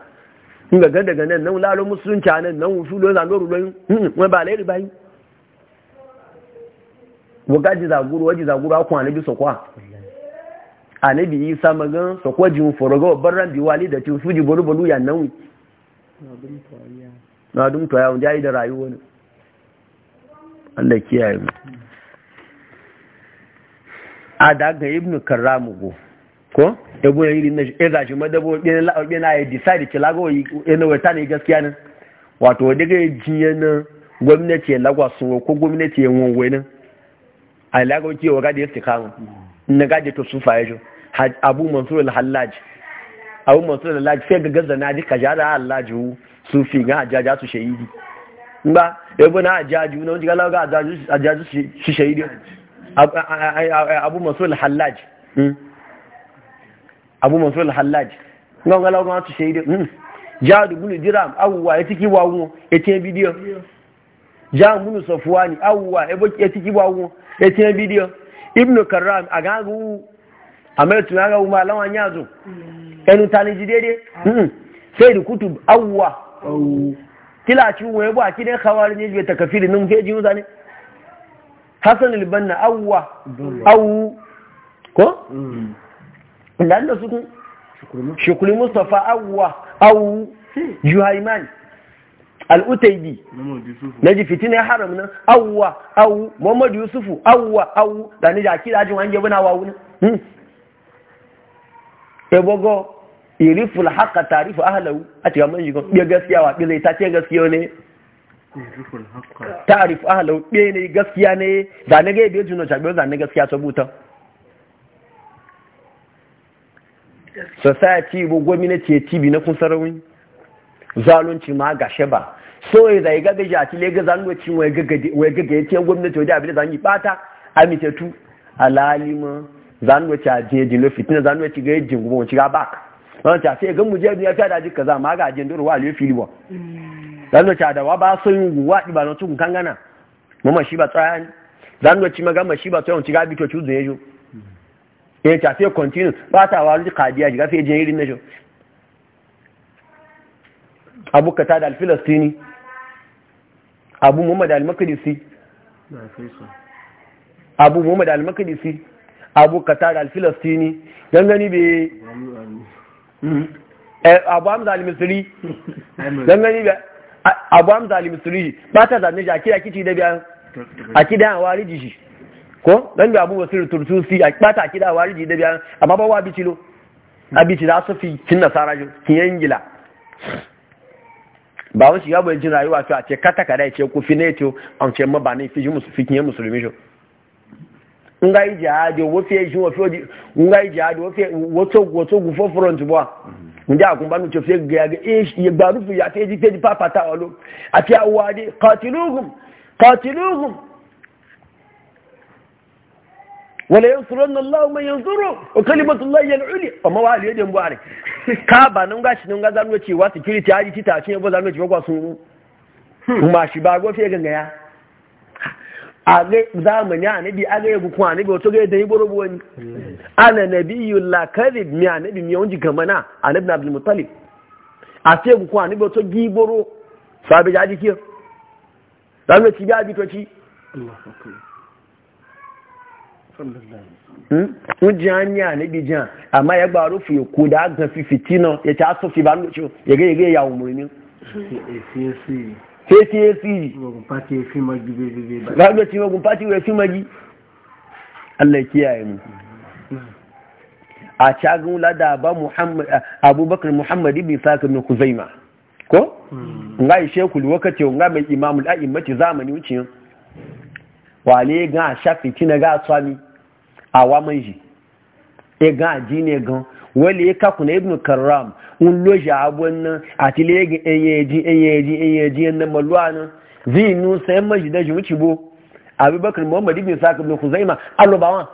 in nan nan lalo musulunci nan nan wusu lo zan doru loyin hmm, hmm, wai ba lairi bayi waga ji akwa anabi su kwa anabi isa magan su kwa jin forogo barran biwali da tin suji ya nan na dum to ya da rayuwa ne Allah kiyaye mu a daga ibn karamugu ko ebo iri na ya madabo yana ya decide ki lagawa yana wata gaskiya na wato daga ya na gwamnati ya lagwa ko gwamnati ya wanwe na a lagawa ki wa ya fi kama na gadi to sun faye abu mansur al-hallaj abu mansur al-hallaj sai ga gaza na jara al-hallaj ga ajaja su shahidi ba ajaju na abu masul hallaj hmm? abu masul hallaj ngon ga lawo to shede hmm? jadu bunu diram awwa ya tiki wawo ya tiyan bidiyo jadu bunu safwani awwa ya boki ya tiki wawo ya tiyan bidiyo ibnu karram agagu ametu na ga umma lawan yazo hmm. enu tani jidede sai da kutub awwa kila ci wo ya bo akide khawari ne je takafiri nun ke ji uzane hassan albanna awwa awu ko? da mm. da su shukuri mustapha awwa awu juhaiman al'utaibi na ji fitina haram nan awwa awu muhammadu yusufu awwa awu da ni jaki da ajin wawu hmm. ebogo iriful haka tarifu ahalau a cikin manjigon ɗaya gaskiya wa ɗaya ta ce gaskiya ne ta'arif ahlau ɗaya ne gaskiya ne da na gaibe jino shagbiyar da na gaskiya sabuta society bu gwamnati ya tibi na kun sarawin zalunci ma gashe ba so ya zai gaga jati lega zalunci wai gaga ya tiyan gwamnati wajen abin da zan yi bata amitattu alalima zalunci a jiye jino fitina zalunci ga yajin gwamnati ga bak zalunci a sai ga mu je biya ta da jika za ma ga ajiyar dorowa a lefi liwa zan ci adawa ba so yi guwa ba na tukun kangana mama shi ba tsayan. zan ci magama shi ba tsaya ci gabi to cuzu ya jo ya ta sai kontinu. ba ta wa ruji kadiya ji gafe jin irin na jo abu kata da alfilastini abu muhammad da makadisi abu muhammad al-makadisi abu kata da alfilastini gangani bai abu amza al-misri eh, [laughs] gangani bai abu hamza al ba ta zanne shi akida kici da biyan akida wariji shi ko dan da abu wasir turtusi ba ta akida wariji da biyan amma ba wa bicilo fi kin nasara kin yangila ba wani shiga bai jin rayuwa a ce kata kada ya ce ku ne to an ce ma ba ne fi kin musulmi shi in ga yi jihadi wofi shi wofi in ga yi jihadi wato wato gufo njẹ́ àkùnbánu tó fẹ́ gẹ̀ àgẹ́ ìgbàrúfù àti èjì tẹ́jì pápátá ọlọ́ àti àwọ̀ adé kọtìlúhùn kọtìlúhùn wala yin suron na Allah mai yin zuru o kalimatu Allah ya luli ma a cinye [laughs] ba zanuwa cewa shi ba gofe gangaya zamani anabi aga yabu kuma anabi wato ga yadda yi borobo wani ana nabi yi lakarib mi anabi mi yawanci gama na anabi na abdulmutalib a sai yabu kuma anabi wato gi boro sabi ya jikiyar zama ci biya bitoci Wujin hanya na bijan, amma ya gbaru fiye ko da aka fi fitinan ya ta asofi ba nuna ciwo, ya ga ya ga ya umarni. feti ya tsiri ga ci magun ya fi magi allah kiyaye mu a cagin lada ba abubakar muhammadu bin sakin na kuzaima ko? Mm. nga yi shekul wakati nga mai la'in mace zamani wucin wale e gan a shafi tina ga tsami a waman ji e gan a ji ne gan wali ya kaku na ibn karam un loja abuwan nan a tilegin enyeji enyeji enyeji yan nan maluwa nan zai nu sayan maji da jimuci bo abubakar muhammadu ibn sa'ad ibn khuzaima allubawa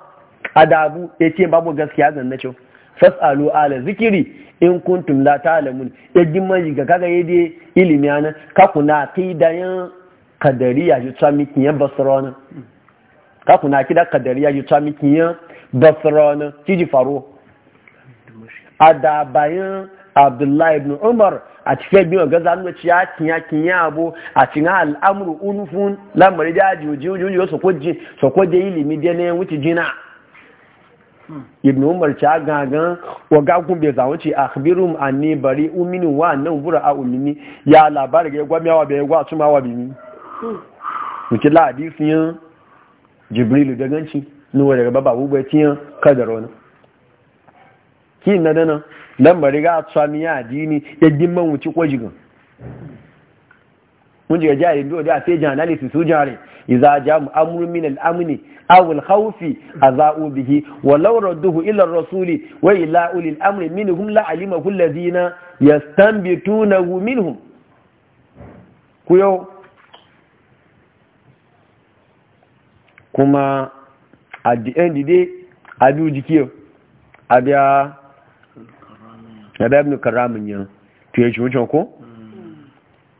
adabu ya ce babu gaskiya zan na cewa fasalu ala zikiri in kuntum la ta'lamun yajin maji ga kaga yede ilimi ana ka kuna kidayan kadariya ju tsami kiyan basrona ka kuna kida kadariya ju tsami kiyan basrona kiji faruwa a da bayan abdullahi ibn umar a cikin biyu ga zanuwa ci ya kinya kinya abu a cikin al'amuru unufun lamari da juji juji su kwaje su kwaje ilimi da ne wuce jina ibn umar ci gangan wa wagagun bai zawon ci a khabirum anni bari umini wa nan bura a umini ya labari ga gwa miyawa bai gwa su mawa bimi muke la hadisin jibrilu da ganci nuwa daga babu bai tiyan kadarona Kin na dana dan bari ga tsami ya dini ya dimman wuci ko jigan mun ji jari biyo da sai jan dalisi su jari idza jam amru min al-amni aw al-khawfi azau bihi wa law radduhu ila ar-rasuli wa ila uli al-amri minhum la alima ladina yastanbituna minhum kuyo kuma at the end day abiu jikiyo abia na da karamin yin tuye shi wucin ko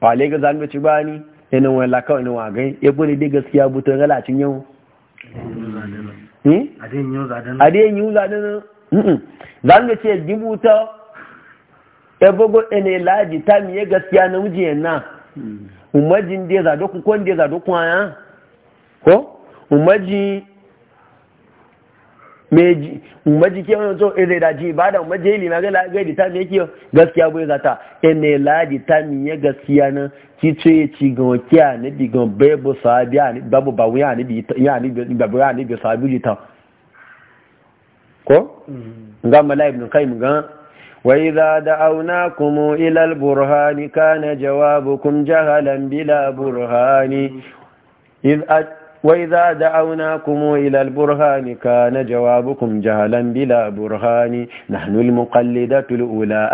ba le ga zalmi ci ba ni ina wani lakawa ina wa gai ya bane dai gaskiya butun galacin yau hmm? a dai yi zaɗin zalmi ce gibuta ya bugu ina laji ta ya gaskiya na wujiyan na hmm. umarjin dai zaɗo kwan dai zaɗo kun ko umarjin meji maji ke wani to eh, ire da ji ba da umaji ili na gala ga di tami yake gaskiya bai zata ene eh, la di tami ya gaskiya na ki ce ci ga wakiya ne bi ga bebo sahabi ya ne babu bawu ya ne bi ya ne bi babu ya ne bi sahabi ji ta ko mm-hmm. ga mala ibn qayyim ga wa idza da'awnakum ila al-burhani kana jawabukum jahalan bila burhani إذ Wai za a da'auna kuma ilal burhani ka na jawabu kuma jahalan bilal burhani? Na nulme kwalli da tulula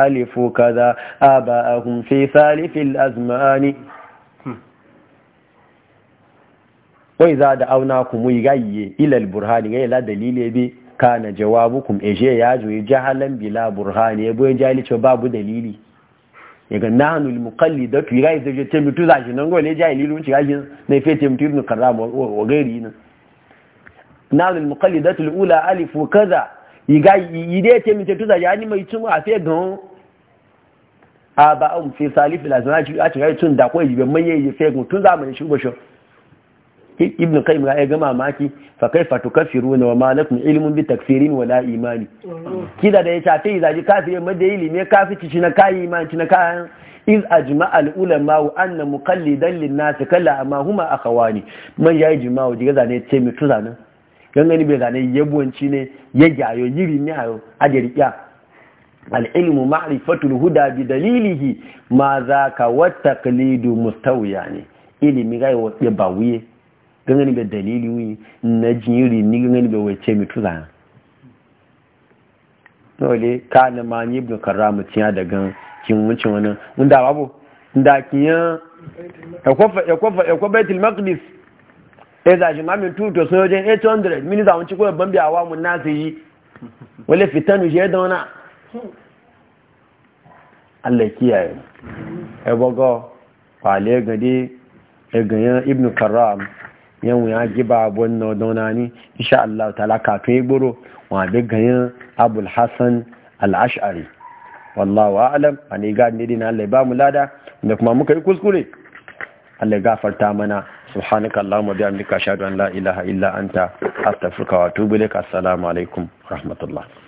Wai za a da'auna kuma iga yi ilal burhani? Iga yi ilal dalilin bi? Ka na jawabu kuma ya jahalan bila burhani? E, bo in ja halicci babu dalili? yaga nanu al-muqallidatu yayi da je mutu za shi nan gole jayi lilu ci gashi ne fe te mutu ibn karram wa gairi nan nanu mukalli da al-ula alif wa kaza yiga yide te mutu za ya ni mai tun a fe gan a ba um fi salif al-azwaj a ci gashi tun da ko yibe manye yi fe gan tun zamanin shi shugaba ibn qayyim ya ga mamaki fa kaifa tukaffiruna wa ma lakum ilmun bi takfirin wala imani kida da ya ta izaji kafiri ma da ilimi kafici shi na kai imani na kayan iz ajma'a ulama wa anna muqallidan lin nas kala amma huma akhawani man yayi jima'u diga zane ce mi tuzanin gangani bai zane yabuwanci ne ya gyayo yiri ne ayo ajiriya al'ilmu ma'rifatul huda bi dalilihi ma za ka wata kalidu mustawiya ne ilimi ga yi ba wuye gangani be dalili wi na jiri ni gangani be wace mi tuza dole ka na ma ni ibn karram tiya daga kin wuce wani inda babu inda kiya ya kofa ya kofa ya kofa baitul maqdis e za shi mamin tuto sojojin 800 mini za mu ci ko ban biya wa mun nasi wale fitanu je da wana Allah kiyaye e bogo fale gade e ganyan ibn karram yan ya giba babon na dauna ni insha Allah ta'ala kafin ya gboro wa duk ganin Abul Hassan Al-Ash'ari wa a'lam ani ga ne dina Allah ba mu lada da kuma muka yi kuskure Allah gafarta mana subhanaka allahumma bihamdika ashhadu an la ilaha illa anta astaghfiruka wa atubu ilaik assalamu alaikum rahmatullah